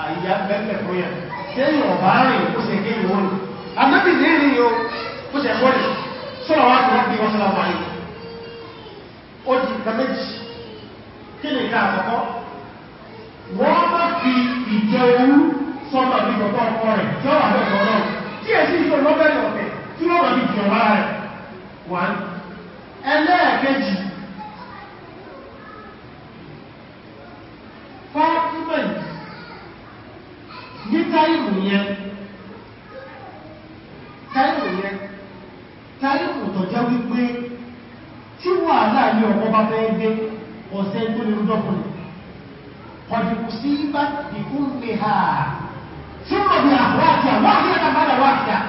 àyíyá bẹ́ẹ̀ fún yà tí èèyàn bá rìn ó sì gé ìwọ̀n anábì ní ìrìn yóò ó sì ẹ̀kọ́ rẹ̀ sọ́rọ̀ wá tó bí wọ́n sọ́rọ̀ wáyé ó di nǹkan méjì kí ni ìka àkọ́kọ́ wọ́n bá ọkọ rẹ̀ tí ó wà lọ́dọ̀ ọlọ́run tí èsì ìfò lọ́bẹ̀lẹ̀ ọ̀fẹ́ tí wọ́n wà ní ìjọba rẹ̀ wà ẹlẹ́ẹ̀kejì fọ́tímẹ̀ntì ní táìmù yẹn táìmù yẹn táìmù tọ̀jẹ́ wípé tí wà láàrin ọmọ bá fẹ́ gbé ọ̀sẹ̀ tó lè rúdọ́kùnrin ọdìkù sí bá ìkúnlẹ̀ àà واحدة بعد واحدة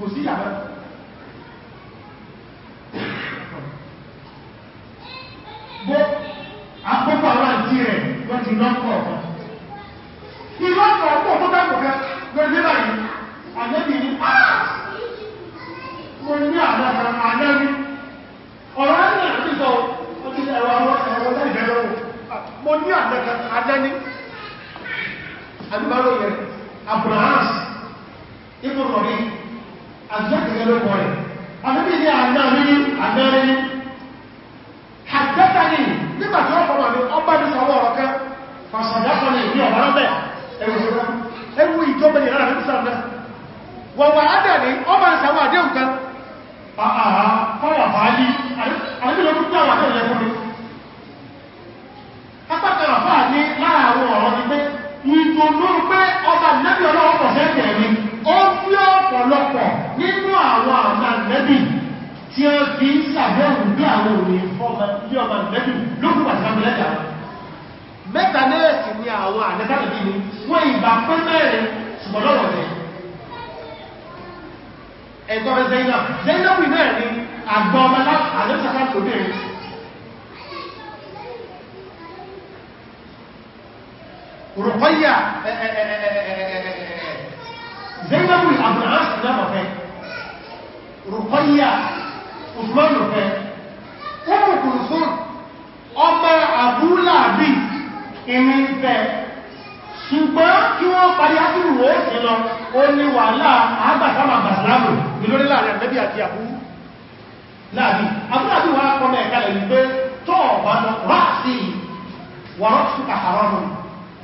كسية بقى àgbà ọmọ àlẹ́sàkà tó bẹ̀rẹ̀ rùkọ́yà zainabu abdullahi lọ́fẹ́ rùkọ́yà usman lọ́fẹ́ ọmọkùnrin fún ọmọ àbúláàbí ìní bẹ̀ ṣùgbọ́n kí wọ́n parí ápùrù ó sí lọ ó ní wàhálà àgbàsámà bàsìlámù ìlórílà rẹ̀ mẹ́bí àti àbúrú láàbí àbúrádì wà kọ́mọ̀ ẹ̀kálẹ̀ wípé tọ́ọ̀bá lọ ráàsì wọ̀rọ̀ ṣùkà àrọ́nù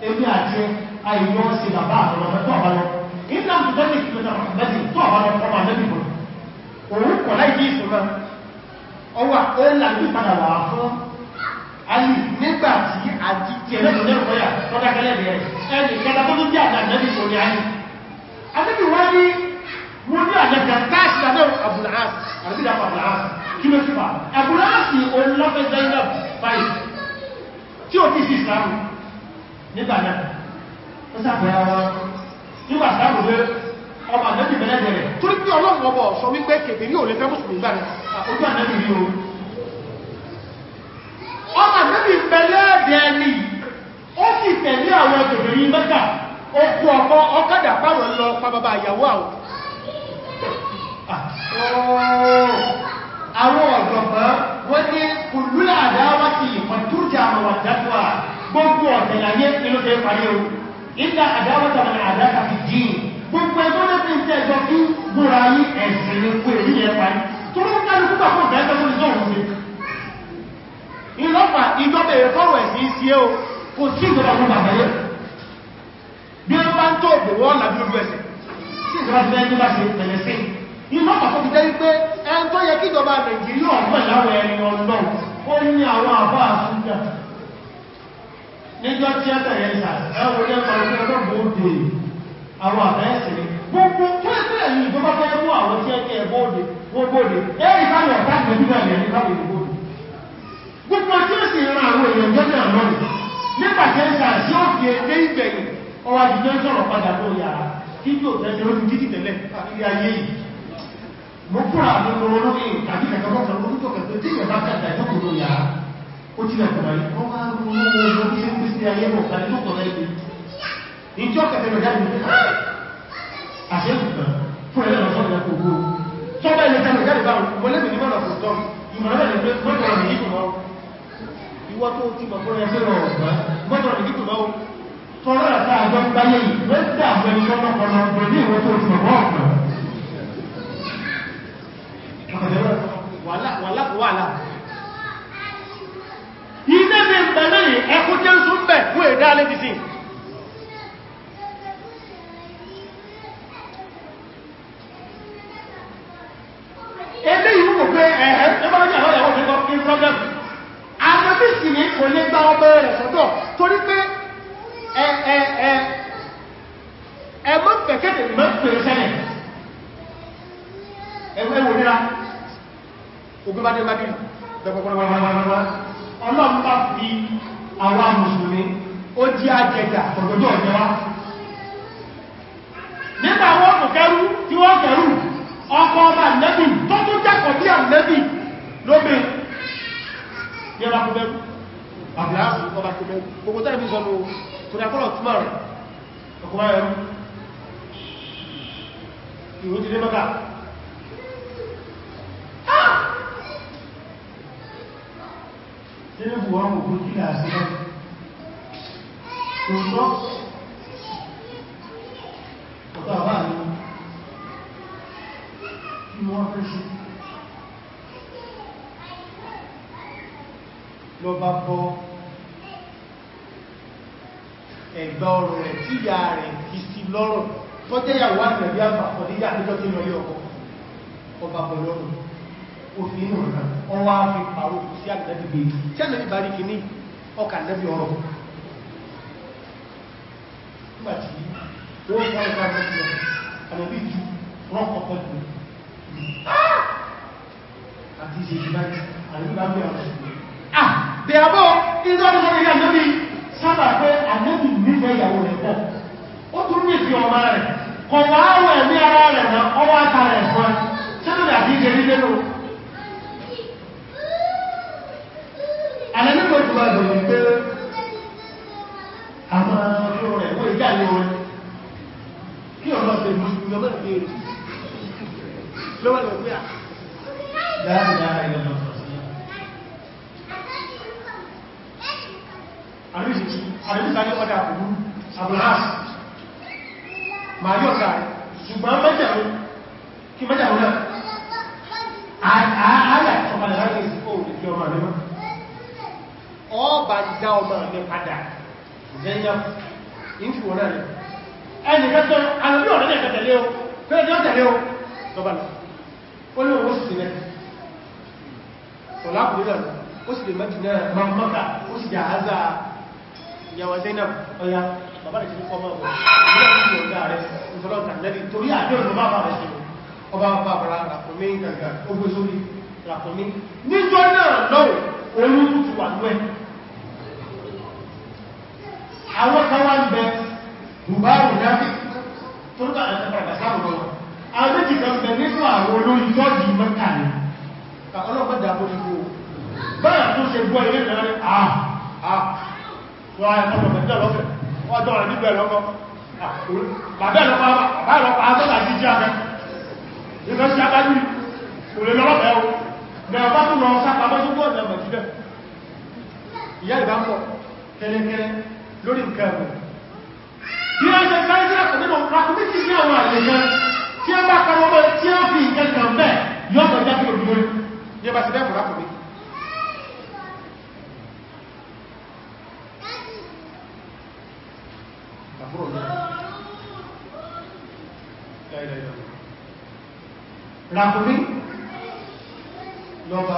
ebi àti àìyọ́ sí bàbá àrọ̀lọ́fẹ́ tọ́ọ̀bá lọ iná tọ́lẹ̀ ìpínlẹ̀ ọ̀bẹ́sì tọ́ọ̀bá lọ kọ́mọ̀ àdẹ́bìbọ̀ òun kọ̀ láì bí ìṣúná ọwà ẹ̀là ní padà wà fún alì nígbà tí àti tẹ̀lẹ́tọ̀lẹ́rọ̀kọ́yà tọ́dákẹ́lẹ́ bẹ̀rẹ̀ ẹni kẹta tó tó jẹ́ àdàdẹ́bì sórí ayé adẹ́bì wọ́n ní wọ́n ní àjẹ́kẹ́ káàkiri àbúrà àbúrà àbúrà kí ló sí pa àbúráàsì òun lọ́fẹ́ zainab five tí ó tí sí ìsìláàmù nígbà náà ó sàbẹ̀ ara nígbà ìsìláàmù lé ọmọ àdẹ́bì mẹ́lẹ́gbẹ̀ rẹ̀ tó ní ọlọ́run ọbọ̀ sọ wípé kèfè ní òlẹ́fẹ́ mùsùlùmí gbà rẹ̀ ojú àdẹ́bì rí o ọmọ àdẹ́bì mẹ́lẹ́gbẹ̀ ni ó sì tẹ̀lé àwọn ẹgbẹ̀rẹ̀ yìí mẹ́ta ó kú ọkọ ọkádà pàwọn lọ pàbàbà àyàwó àwọn àwọn ọ̀dọ̀gbọ́n wọ́n ní kùlúlà àdáwà ti ìpàtúrjà àwọn àdáwà gbogbo ọ̀tẹ̀láyé ilóde parí o ìta àdáwà tàbí àdáwà ti dì gbogbo ẹgbọ́n ní fi ń tẹ́ ẹjọ́ kí gbúra yí ẹ̀sìn ní kú èrí yẹn parí tó ló ń kálù púpà fún ìgbẹ́jọ́ tó ní tó ń ṣe ìlọ́pàá ìjọba ìrẹ́kọ́rọ̀ ẹ̀sìn sí ẹ́ o kò sí iná pàtó fi jẹ́ pé ẹn tó yẹ kíjọba nàìjíríà ọ̀pọ̀ ìláwọ̀ ẹni ọlọ́run ó ní àwọn àbá àṣúgbà níjọ́ tí ẹ́tẹ̀rẹ̀ ìsà ẹwọ̀ ní ẹ̀kọ́ ìpínlẹ̀ ọlọ́run ó dé àwọn àbá ẹ̀sìn gbogbo tó ẹ̀sẹ̀ ẹ̀yìn ìjọba fẹ́ mú àwọn tí ẹ̀kẹ́ ẹ̀bọ́dé gbogbo ẹ̀rí káwọn ọ̀tá ìgbẹ̀dúgbà ẹ̀rí káwọn ìgbogbo gbogbo tí padà tó yàrá kí tó tẹ́sẹ̀ ó títì tẹ́lẹ̀ àti ayé yìí mo kúrò àdúgbò olórí tàbí kẹkọọkọ lórí tó kẹtẹ tí ìyẹn bá kẹta ìjókòó ló yá ó ti lẹ̀kọ̀ọ́ yìí wọ́n máa ń mú owó ló ní ẹgbẹ́ sí ayé mọ̀ tàbí tó kọ̀ lẹ́yìn ìjọ kẹtẹ rẹ̀ jáde ní àṣẹ ìgbà fún ẹlẹ́rọ sọ́dọ̀ ẹ̀kọ́ owó tó bá ilẹ̀ jáde jáde báwọn mọ̀lẹ́bí ní mọ̀lọ̀ kò tán ìmọ̀lẹ́bí ní pé mọ́tò rẹ̀ yìí kùmọ̀ ìwọ tó ti mọ̀ fún ẹgbẹ́ rẹ̀ ọ̀gbà mọ́tò rẹ̀ wàhálà iná ní ìbẹ̀lẹ̀ ní ẹkùn jẹ́ ń sún bẹ̀ fún èdè alẹ́ ti sí ẹgbẹ́ ìwú kò pé ẹ̀ẹ́ ẹgbẹ́lẹ́gbẹ́ àwọn ìyàwó tó kọ́ kí problem àgbẹ́bí sì ní kò lè gba ọbẹ̀ rẹ̀ sọ́tọ̀ torí pé ẹ̀ẹ̀ẹ̀ẹ̀ ogun bá dé bá dìrì ọlọ́run bá fi àwọn amùsùnmí ó jí àjẹjà ọ̀gọ́jọ́ ọ̀jọ́wá nígbà wọ́n kò kẹrù tí wọ́n kẹrù ọkọ̀ ọba lẹ́bì tó tó jẹ́kọ̀ bí àwọn lẹ́bì lóbe yẹra kò bẹ̀rù àbúláàsì ọba kò bẹ̀rù gbogbo tẹ́lẹ̀ fi sọ́nà torí akọ́lọ̀ túnmọ̀ rẹ̀ ọkọ̀ ẹ̀rù ìrú ti dé mọ́ta nínú buwọ́n ọ̀rọ̀ rẹ̀ tí ìyá rẹ̀ kì sí lọ́rọ̀ tọ́jẹ́ yà wà nẹ̀bí àpapọ̀ níyà níjọ́ tí lọ yọ ọkọ̀ ọba pẹ̀lú òfin inú ọ̀nà wọ́n wá fi pàrò sí àgbẹ̀lẹ́bí gbé tí àgbẹ̀lẹ́bí bá rí kìíní ọkà lẹ́bí ọ̀rọ̀ nígbàtí ó wọ́n wọ́n wọ́n wọ́n àlẹ́bí ju wọ́n kọ́kọ́ jù ah! àti ìṣe ìṣúná àlẹ́bí bá bí ọ̀rọ̀ ah bẹ̀ àbọ̀ ìjọ́ ọdún sọ́rọ̀ ìyá lórí sábà pé àlẹ́bí nífẹ̀ẹ́ ìyàwó rẹ̀ pọ̀ ó tún nífẹ̀ẹ́ ọmọ rẹ̀ kọ̀wàá wẹ̀ ní ara rẹ̀ náà ọwọ́ àtàrẹ̀ fún ẹ sínú àti ìṣe nílé lórí alẹ́lẹ́gbò tí wà lọ wípé àwọn ọmọ rẹ̀ wọ́n ìjà ní orin kí ọmọ ṣe mú ìyọmọ́ ìgbèrè lọ́wọ́ lọ pé à dáadáa ìlọ́nà àríṣìí àríṣìí ní ọdá àkùnú àbúrás ma yóò ká ṣùgbọ́n mẹ́jẹ̀rún kí mẹ́jẹ̀rún náà ààyà ìṣọ́pàdà láti ìsìnkú òkè ọmọ àríwá ọba dá ọmọ ní padà zẹ́yàn ìfìwò náà ẹni kẹtọ́ alùbí ọ̀rẹ́ ní ẹ̀kẹtẹ̀lé o fẹ́rẹ̀ tí ó tẹ̀lé o lọ́bà lọ ó ní owó sí rẹ̀ ọ̀lápùlẹ̀ náà ó sì lè mẹ́jì náà ma mọ́ta ó sì dà áza ìyàwó Zainab ọya bàbá rẹ̀ ti ní fọ́mọ́ ọ̀pọ̀ ìyàwó sí ọ̀gá rẹ̀ ìfọ́lọ́ta lẹ́bi torí àdéhùn ló má bá rẹ̀ sí ọba bàbá ràpọ̀mí gàgà ó gbé sórí ràpọ̀mí níjọ́ náà lọ́wọ́ olú tuntun wà lọ́wọ́ àwọn kan wá ń bẹ dùbáàrù náà tó ń tàbí ẹ̀sẹ̀pàdà sáàrùn lọ àwọn ti kan bẹ nínú àwọn olórin tọ́jú mẹ́ta ni ka ọlọ́pàá dàbò ní kó báyà tó ṣe gbọ́ ilé náà rẹ̀ àà àà tó ayẹ́ mọ́tọ̀ mẹ́jọ lọ́fẹ̀ wọ́n dọ́rẹ̀ nígbẹ̀ lọ́kọ́ bàbẹ́ lọ́pàá tó tàbí jí abẹ́ ìfẹ́sí adájú òlè lọ́lọ́fẹ́ o bẹ̀rẹ̀ bá tún lọ sápàá bá tún gbọ́ ọ̀dọ̀ mẹ́jọ lórí nǹkan ẹ̀mọ̀ bí wọ́n ṣe bá jẹ́ ọ̀pọ̀ nínú ràkúnmítì sí àwọn àìlèkan tí ó bá kọrọ ọmọ tí ó fi nǹkan kan bẹ́ẹ̀ yọ́ mọ̀ jákè olùgbórí ní ọba sí bẹ́ẹ̀kù ràkúnmí ràkúnmí lọ́ba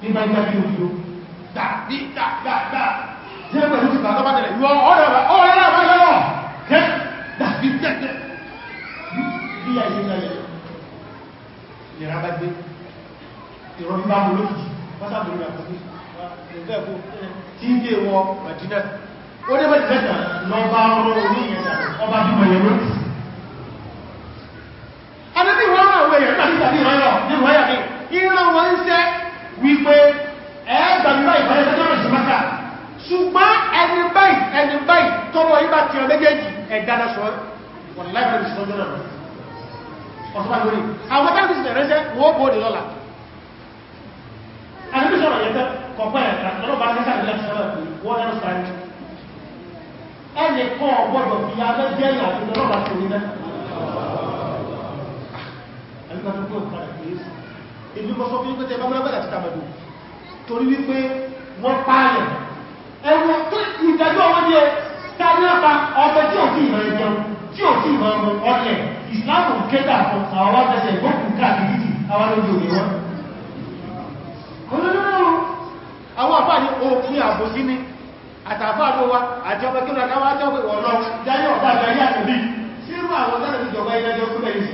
nígbà ìgbà kí o fi bá tẹ̀lẹ̀ ìwọ ọ̀rẹ́ rẹ̀ ọ̀rẹ́ rẹ̀ bá lọ́rọ̀ yẹ́ dàbí tẹ́tẹ́ bí i àìsẹ́ ìrìnlẹ̀ ìrà bá gbé ìrọ̀bí bá mú lókìí pásàbò ní àkọ́kí tí ń gbé wọ màdínà ó dé bá ti tẹ́tà lọ bá ọrọ̀ orí ìyẹ̀ta ọba bí mọ̀ yẹ̀ lókìí ẹ̀dáná sọ wọ̀n láìpẹ́ ìṣọ́jọ́ náà ọ̀tọ́bá lórí àwọn tàbí sí ẹ̀rẹ́sẹ́ wọ́n bó ní lọ́la àti bíṣọ́rọ̀ yẹ̀tẹ́ kọ̀pẹ́ ẹ̀rẹ́ lọ́lọ́bá ní sàrẹ́lẹ́ sọ́rọ̀ wọ́n ẹ̀rọ sàrẹ́ ẹni kọ́ ọgbọ́dọ̀ bí abẹ́ jẹ́ ìyàtọ̀ lọ́lọ́bá sí orí náà ìlú mọ́ sọ fún ìpẹ́tẹ̀ bá mọ́ bẹ́ẹ̀ àti tàbàdù torí wípé wọ́n pààyàn ẹwọ́n tó ìdájọ́ wọ́n ní ẹ nípa ọmọ tí ò tí ìmọ̀ ẹjọ́ tí ò tí ìmọ̀ ọmọ ọlẹ̀ ìsìláàmù kẹta fún àwọn wátẹsẹ̀ ìgbókùn káàkiri jì àwọn lójú òní wọn àwọn àpá ní òfin àbòsí ní àtàfáàdó wa àti ọmọ kí wọ́n wá jọ́ pé wọ́n lọ jáyọ̀ ọ̀dá àjáyé àtẹ̀bí sírú àwọn tẹ́lẹ̀ ìjọba ilẹ́jọ́ tó bẹ̀rẹ̀ sí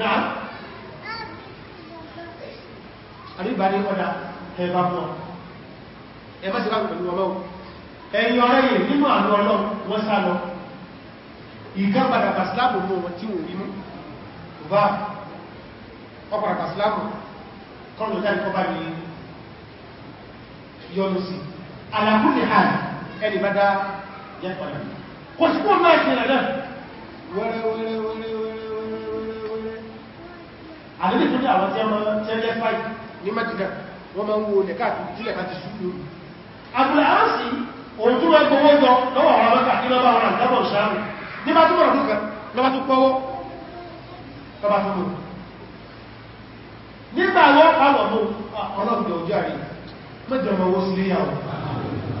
náà àríbà ní ọ̀dá ẹ̀bá fún ọ ẹ̀yìn ọ̀rẹ́ yìí nínú àánú ọlọ́run wọ́n sá lọ ìgá padà pàṣíláàmù mú wọn tí wọ́n rí mú bá ọpàdà pàṣíláàmù kọlù láti kọba ní yọnu sí alákùnrin hàn ẹni bá dá yẹ́ padà kò sí kó máa ṣe rẹ̀ wẹ́rẹ́ wẹ́rẹ́ wẹ́rẹ́ wẹ́rẹ́ wẹ́rẹ́ òjú ẹgbówó jọ lọ́wọ́ àwọn amẹ́ta kí lọ́bá àwọn àjábọ̀ ìṣàmì ní bá túnmọ̀ ọ̀dún kan lọ́bá tún pọ́wọ́ lọ́bá tún mọ̀ nígbà wọ́n pàwọ̀ mú ah, ọlọ́gbẹ̀ ọjọ́ àrí mẹ́jọ ọmọ owó sí léyàwó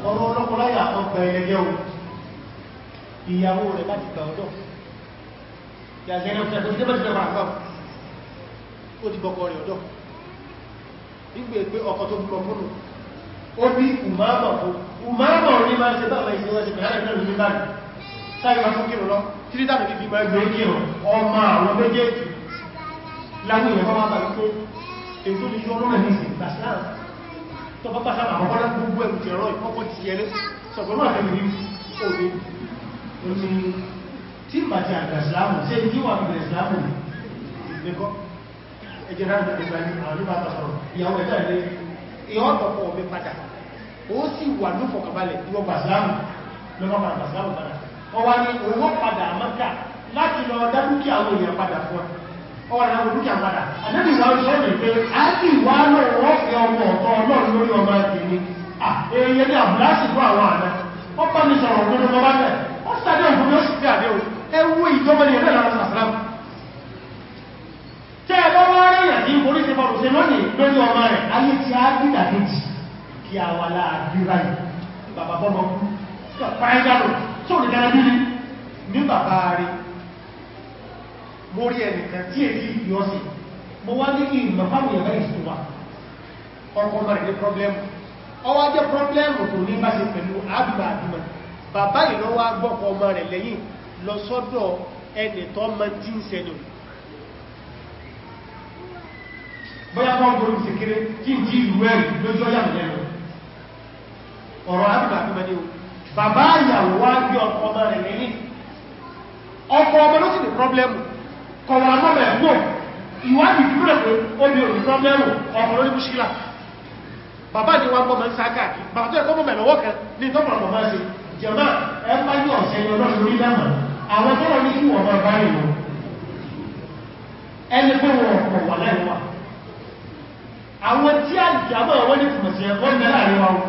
ọ̀rọ̀ ọlọ́pọ̀láyà ọgbà ẹlẹgẹ́ o ìyàwó rẹ̀ láti gbà ọjọ́ ìyàjẹ́ ẹlẹ́ ó bí umama fún umama ní máa ṣe báwọn ìṣẹ́ wọ́n ṣe pẹ̀lú àrẹ̀ náà ní báyìí sáré máa fún kírùn lọ títí tàbí fífi máa gbé kírùn ọmọ àwọn méjèèjì láwọn ìyẹ̀kọ́ máa bàbí pé ètò ní yọ́ lọ́nà ní ìsìn gbàsílá tó bá pàṣà àwọn ọmọdé gbogbo ẹ̀kù ti ẹ̀rọ ìkọ́kọ́ ti ẹ̀rẹ́ sọ̀gbọ́n àfẹ́mì ní òwe omi tí mà ti àgbàsílámù tí ó sì wà ní fọ̀kàbalẹ̀ ìwọ bàṣáàmù lọ́nà padà bàṣáàmù padà ọwá ni owó padà mọ́ká láti lọ dá dúkìá àwọn èèyàn padà fún ọ̀rọ̀ àwọn dúkìá padà àdẹ́bì wá sọ ní pé a sì wá lọ́rọ̀ fẹ́ ọmọ ọ̀tọ́ ọlọ́run lórí ọmọ ẹ̀kìnní èèyàn ní àbúrásì fún àwọn àná ó bá mi sọ̀rọ̀ ọ̀gbọ́n ọmọ bá bẹ̀ ó sàdé òfin ó sì fi àdé o ẹwú ìjọba ní ẹ̀rẹ́ lára sàfàlámù tẹ́ ẹ bá wá rẹ̀yàn ní orí ti bọ̀rù sí lónìí lórí ọmọ rẹ̀ ayé ti á bí dàkejì kí a wà láàbí ráyì bàbá bọ́mọ pàájárò tó lè dára bí ní bàbá rí mórí ẹnìkan tí èyí yọ́sì mo wá ní ìmọ̀ fáwọn ìyàmẹ́ ìsìnwà ọkọ̀ mẹ́rin ní pọ́blẹ́mù ọwá jẹ́ pọ́blẹ́mù tó ní bá ṣe pẹ̀lú àbìbà àbìmọ̀ bàbá ìlọ́wà gbọ́kọ̀ ọmọ rẹ̀ lẹ́yìn lọ sọ́dọ̀ ẹni tó mọ́ tí ń sẹ́nu bóyá wọ́n gbọ́rùn-ún sí kéré tí ń jí ìlú ẹ̀rù lójú ọjà mẹ́rin ọ̀rọ̀ àrùn àfimẹ́ni o bàbá ìyàwó wá gbé ọkọ̀ ọmọ rẹ̀ nílé ọkọ̀ ọmọ ló sì ní pọ́blẹ́mù kọwọ́ amọ́bẹ̀ ẹ̀gbọ́n ìwádìí dúró pé omi òní pọ́blẹ́mù ọmọ ló ní mùsílà bàbá ni wọ́n gbọ́mọ̀ ń sáká bàbá tó ẹ̀kọ́ mọ̀mẹ̀ lọ́wọ́ kan ní tọ́pọ̀ ọmọ máa ṣe jẹ̀mọ́ ẹ má yí ọ̀sẹ̀ yọ lọ́sùn orí dámà àwọn tọ́rọ ní kí wọ́n bá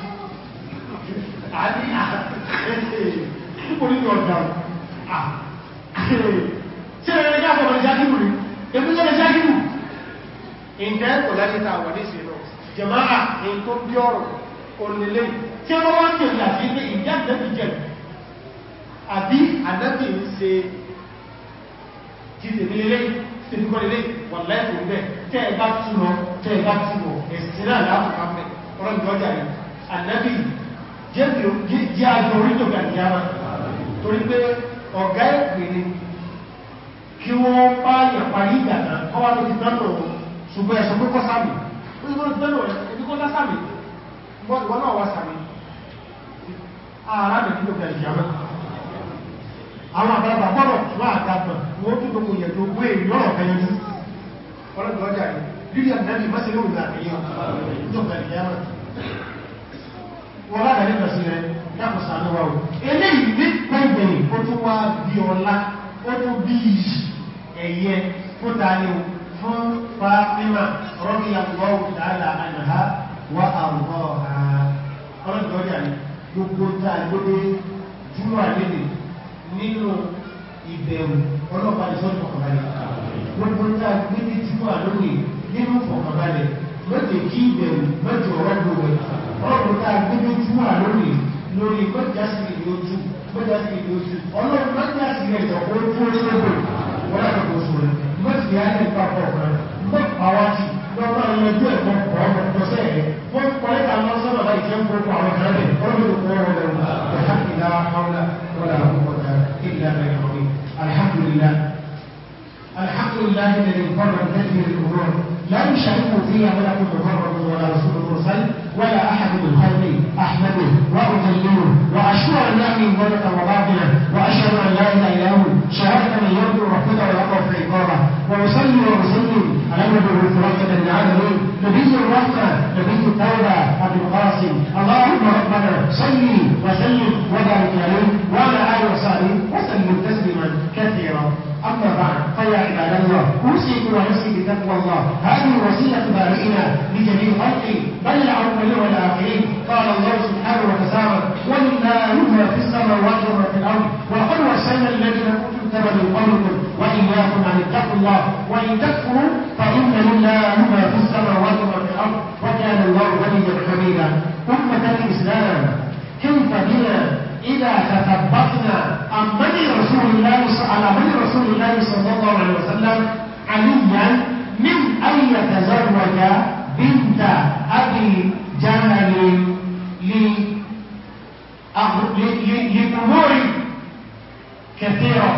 àní àkórí ọ̀dà ṣe rẹ̀ yá sọ̀rọ̀ ìjákìrù rí ebí sọ̀rọ̀ ìjákìrù ìjẹ́ kò láti ta wà ní ìṣẹ̀lọ jẹmáà in tó bí ọ̀rọ̀ onílé tí wọ́n wá ní ìjà sí pé ìjá àdẹ́bì jẹ àbí àdẹ́bì ń ṣe jíde nílé tẹ́lúgbọ́nilé wà láìpò ń bẹ̀ tẹ́ẹ̀bá túnmọ̀ tẹ́ẹ̀bá túnmọ̀ ẹ̀sìn náà láàpù jẹ́ àjọ orítò gàdìyàmá torí pé ọ̀gá ẹ̀pẹ̀ ni kí wọ́n pààyàn parí ìgbàdà kọ́wà ló ti tánà ṣùgbọ́n ẹ̀ṣọ́ pé kọ́ sáàmì àwọn àgbàgbà gbọ́nà wà àgbàgbà wọ́n tún gbogbo yẹ̀ tó gbé ìlọ́rọ̀ ọ̀fẹ́yẹjú ọlọ́dọ̀ ọjà rẹ̀ lílẹ̀ ìdájì mọ́sílẹ̀ òun àtẹ̀yàn ìjọba ìyára wọ́n lára nípa sí rẹ̀ dákùsà ní wà ó eléyìí ní pẹ̀gbẹ̀rẹ̀ ó tún wá bí ọlá ó tún bí ẹ̀yẹ fún tààrí o fún Fátímà rọ́bí àwọ̀ ìdáàlà àìnàhá wà àwọ̀ ọlọ́dọ̀ọ́dà gbogbo tá a mọ́tẹ̀ kí ìbẹ̀rù mọ́tẹ̀ ọ̀rọ̀ gbogbo ọ̀rọ̀ tá a gbé lójú wà lórí lórí mọ́jásí ìlójú mọ́jásí ìlójú ọlọ́run mọ́jásí rẹ̀ ìjọ̀kọ́ ojú orílẹ̀-èdè wọ́n láti kò sọ̀rọ̀ mọ́tẹ̀ á ní papọ̀ kan mọ́pàwátì lọ́pàá ìyẹjú ẹ̀kọ́ ọmọ ọ̀sẹ̀ rẹ̀ wọ́n pọ̀lẹ́ta lọ́sọ́rọ̀ láì jẹ́ ń gbogbo àwọn kan rẹ̀ ọlọ́run kọ́ ọ̀rọ̀ rẹ̀ ìlà haúlà wọ́n àwọn ọ̀dà ìlà alhamdulillah alhamdulillah لا يشاركه فيه ملك مقرب ولا رسول المرسل ولا احد من خلقي احمده واجلله واشكر ان يعني ذلك وباطلا واشهد ان لا اله الا هو شهاده من يرد ربنا ويقع في عقابه واصلي واسلم على المبعوث بن للعالمين نبي الرحمه نبي التوبه ابي القاسم اللهم ربنا صلي وسلم وبارك عليه وعلى اله وصحبه وسلم تسليما كثيرا أما بعد فيا عباد الله أوصيكم ونفسي بتقوى الله هذه وسيلة بارئنا لجميع خلقه بل الأولين والآخرين قال الله سبحانه وتعالى ولله ما في السماوات وما في الأرض وقل وسلنا الذين كنتم تبدوا قولكم وإياكم أن اتقوا الله وإن تكفروا فإن لله ما في السماوات وما في الأرض وكان الله غنيا حميدا أمة الإسلام كيف بنا إذا تثبتنا عن من رسول الله على رسول الله صلى الله عليه وسلم عليا من أن يتزوج بنت أبي جهل لأمور كثيرة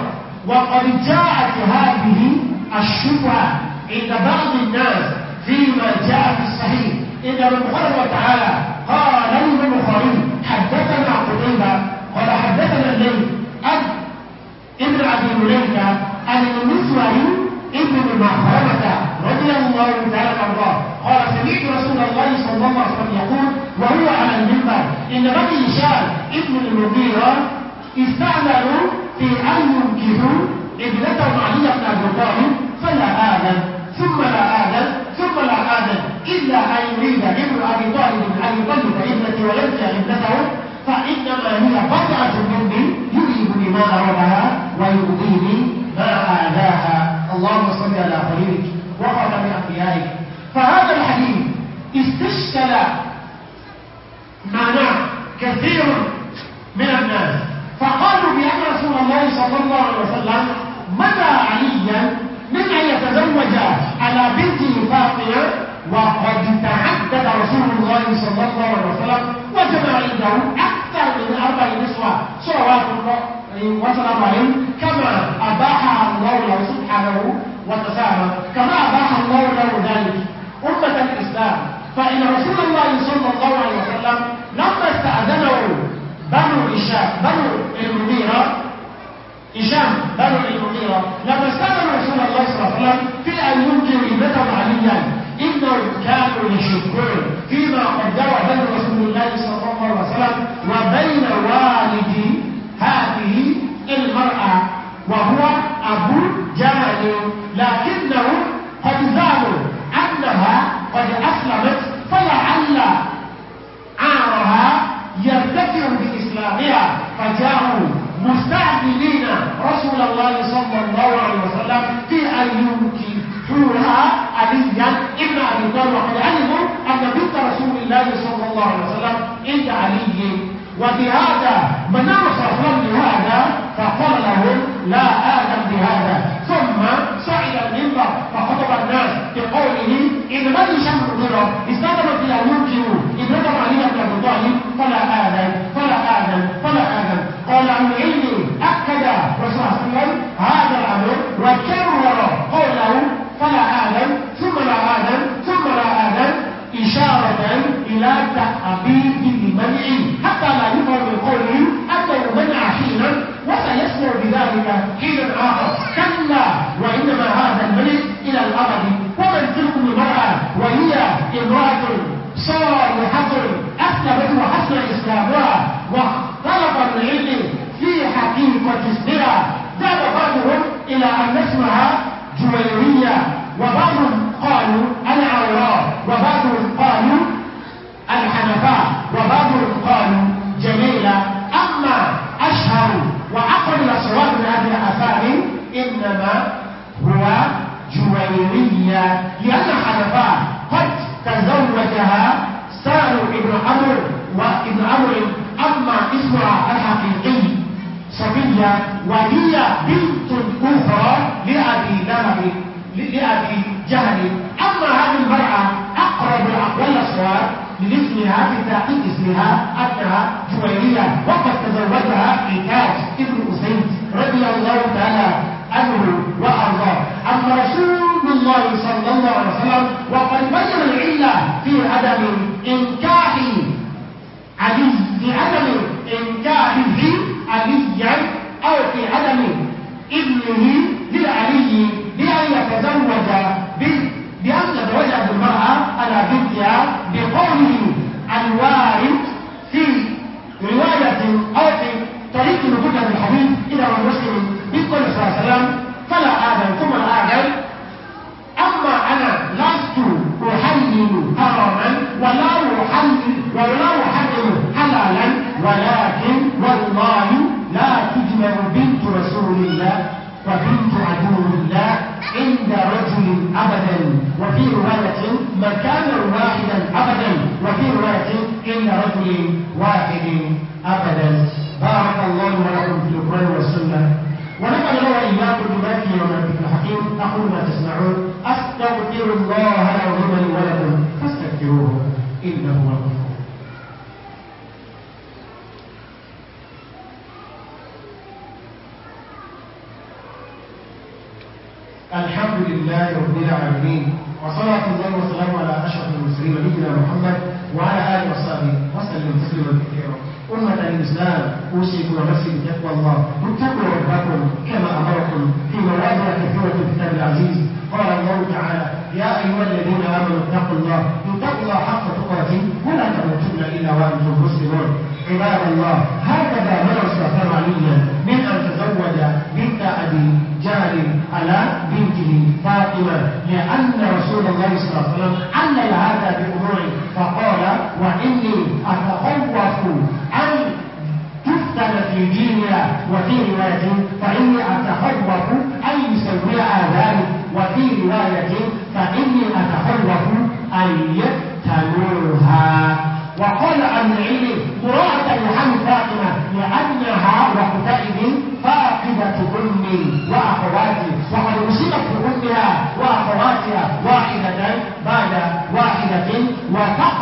وقد جاءت هذه الشبهة عند بعض الناس فيما جاء في الصحيح إن من تعالى قال البخاري حدثنا قتيبة length as ابن أبي مليكة أن المسوري ابن مهرمة رضي الله تعالى عنه قال سمعت رسول الله صلى الله عليه وسلم يقول وهو على المنبر إن بني هشام ابن المغيرة استعملوا في أن ينكثوا ابنته علي بن أبي طالب فلا آذن ثم لا آذن ثم لا آذن إلا أن يريد ابن أبي طالب أن يطلق ابنتي ويرجع ابنته فإنما هي بضعة مني يريد ما أردها ويؤذيني ما آذاها اللهم صل على خليلك وخاتم أنبيائك فهذا الحديث استشكل معنى كثير من الناس فقالوا بأن رسول الله صلى الله عليه وسلم منع عليا من أن يتزوج على بنته فاطمة وقد تعدد رسول الله صلى الله عليه وسلم وجمع عنده أكثر من أربع نسوة صلوات الله وسلم عليهم كما أباح الله له سبحانه وتسامى كما أباح الله له ذلك أمة الإسلام فإن رسول الله صلى الله عليه وسلم لما استأذنه بنو هشام بنو المنيرة هشام بنو المنيرة لما استأذن رسول الله صلى الله عليه وسلم في أن ينكر ابنته عليا المسلمون كانوا يشكون فيما قدر بين رسول الله صلى الله عليه وسلم وبين والد هذه المرأة وهو أبو جمال لكنهم قد زالوا أنها قد أسلمت فلعل عارها يرتفع بإسلامها فجاءوا مستعجلين رسول الله صلى الله عليه وسلم في أن رأى أبي زياد ابن أبي طالب وقد علموا أن بنت رسول الله صلى الله عليه وسلم عند علي وبهذا منعوا صفوان بهذا فقال لهم لا آدم بهذا ثم صعد المنبر فخطب الناس بقوله إن من شمر ضرب استخدمت اليهود إن رجب علي بن أبي طالب فلا آدم فلا آدم فلا آدم قال عن علمي أكد رسول الله هذا ìlàjà àbí ìdìmọ́lẹ́yìn hátà làyè mọ́ mi kò rí. الحمد لله رب العالمين وصلاة الله وسلامه على أشرف المسلمين نبينا محمد وعلى آله وصحبه وسلم تسليما كثيرا أمة الإسلام أوصيكم ونفسي بتقوى الله واتقوا ربكم كما أمركم في مواضع كثيرة في الكتاب العزيز قال الله تعالى يا أيها الذين آمنوا اتقوا الله اتقوا الله حق تقاته ولا تموتن إلا وأنتم مسلمون عباد الله هكذا نرى سلطان عليا من لأن رسول الله صلى الله عليه وسلم علل هذا بأمره فقال وإني أتخوف أن تفتن في ديني وفي رواية فإني أتخوف أن يسويها ذلك وفي رواية فإني أتخوف أن يفتنوها وقال عن العلم قراءة لحم فاطمة لأنها وقتئذ فاقدة أمي وأخي واحدة بعد واحدة وتقع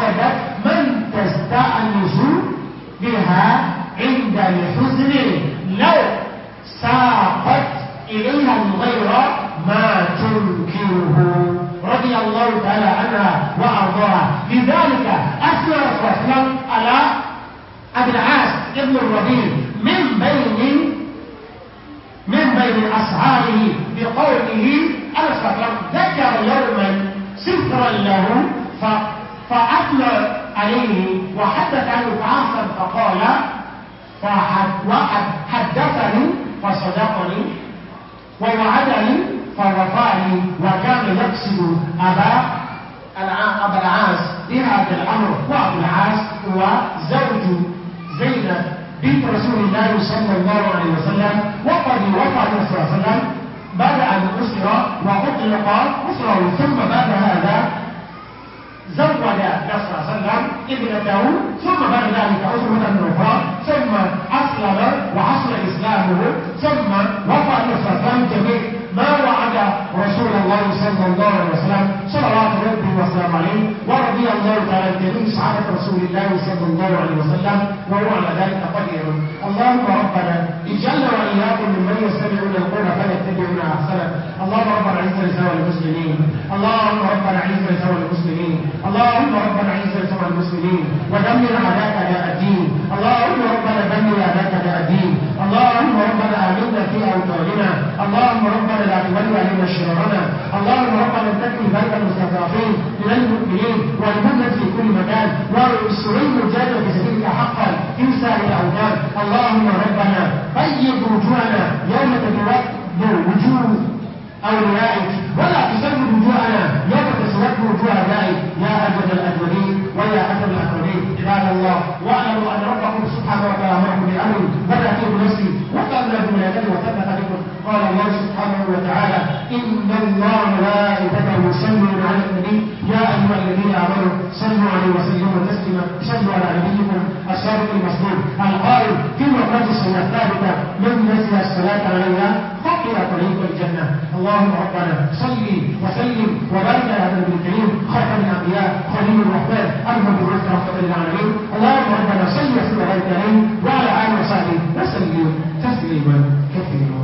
حدث عن الآخر فقال فحدثني فصدقني ووعدني فوفاني وكان يقصد أبا أبا العاص بهذا الأمر وأبو العاص هو زوج زينب بنت رسول الله صلى الله عليه وسلم وقد وفى النبي صلى الله عليه وسلم بعد أن أسر وأطلق أسره ثم بعد هذا زوج النبي صلى الله عليه وسلم ابنته ثم بعد ذلك من النفاق ثم أسلم وحصل إسلامه ثم وفى الإسلام جميع ما وعد رسول الله صلى الله عليه وسلم صلوات ربه وسلام عليه ورضي الله تعالى جميع سعادة رسول الله صلى الله عليه وسلم وهو على ذلك قدير اللهم ربنا اجعلنا واياكم ممن يستمعون القول فيتبعون احسنه اللهم ربنا اعز لسوى المسلمين اللهم ربنا اعز لسوى المسلمين اللهم ربنا اعز لسوى المسلمين ودمر اعداءك يا الدين اللهم ربنا دمر اعداءك يا الدين اللهم ربنا امنا في اوطاننا اللهم ربنا لا تولي علينا شرارنا اللهم ربنا تكفي بين المستضعفين من المؤمنين والمؤمنات في كل مكان وارسلوا السرور الجاهل في سبيلك حقا انسى للأولاد اللهم ربنا طيب وجوهنا يوم تتوجه وجوه أوليائك ولا تسود وجوهنا يوم تسود وجوه أوليائك يا أجود الأجودين ويا أجود الأجودين عباد الله واعلموا ان ربكم سبحانه وتعالى امركم بامر بدا فيه بنفسه وقبل بولاده وثبت بكم قال الله سبحانه وتعالى ان الله ملائكته صلوا على النبي يا ايها الذين امنوا صلوا عليه وسلموا تسليما صلوا على نبيكم الصادق المصدوق القائل في مخرج السنه الثابته من نزل الصلاه علينا إلى طريق الجنة اللهم ربنا صل وسلم وبارك على ابن الكريم خاتم الأنبياء خليل الرحمن أرحم المبعوث رحمة العالمين اللهم ربنا صل وسلم وبارك عليه وعلى آله وصحبه وسلم تسليما كثيرا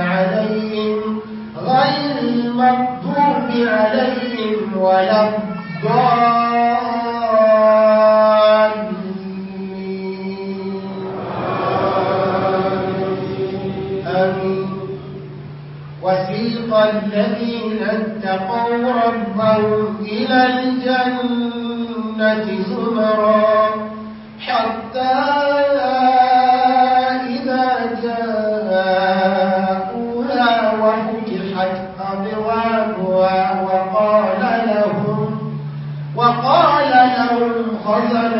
عليهم غير المغضوب عليهم ولا الضالين آمين وسيق الذين اتقوا ربهم إلى الجنة زمرًا Forza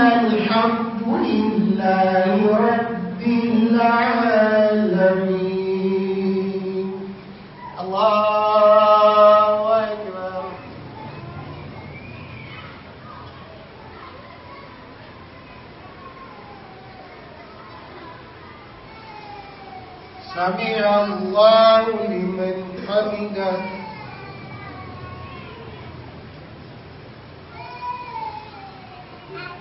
الحمد لله رب العالمين الله أكبر سمع الله لمن حمده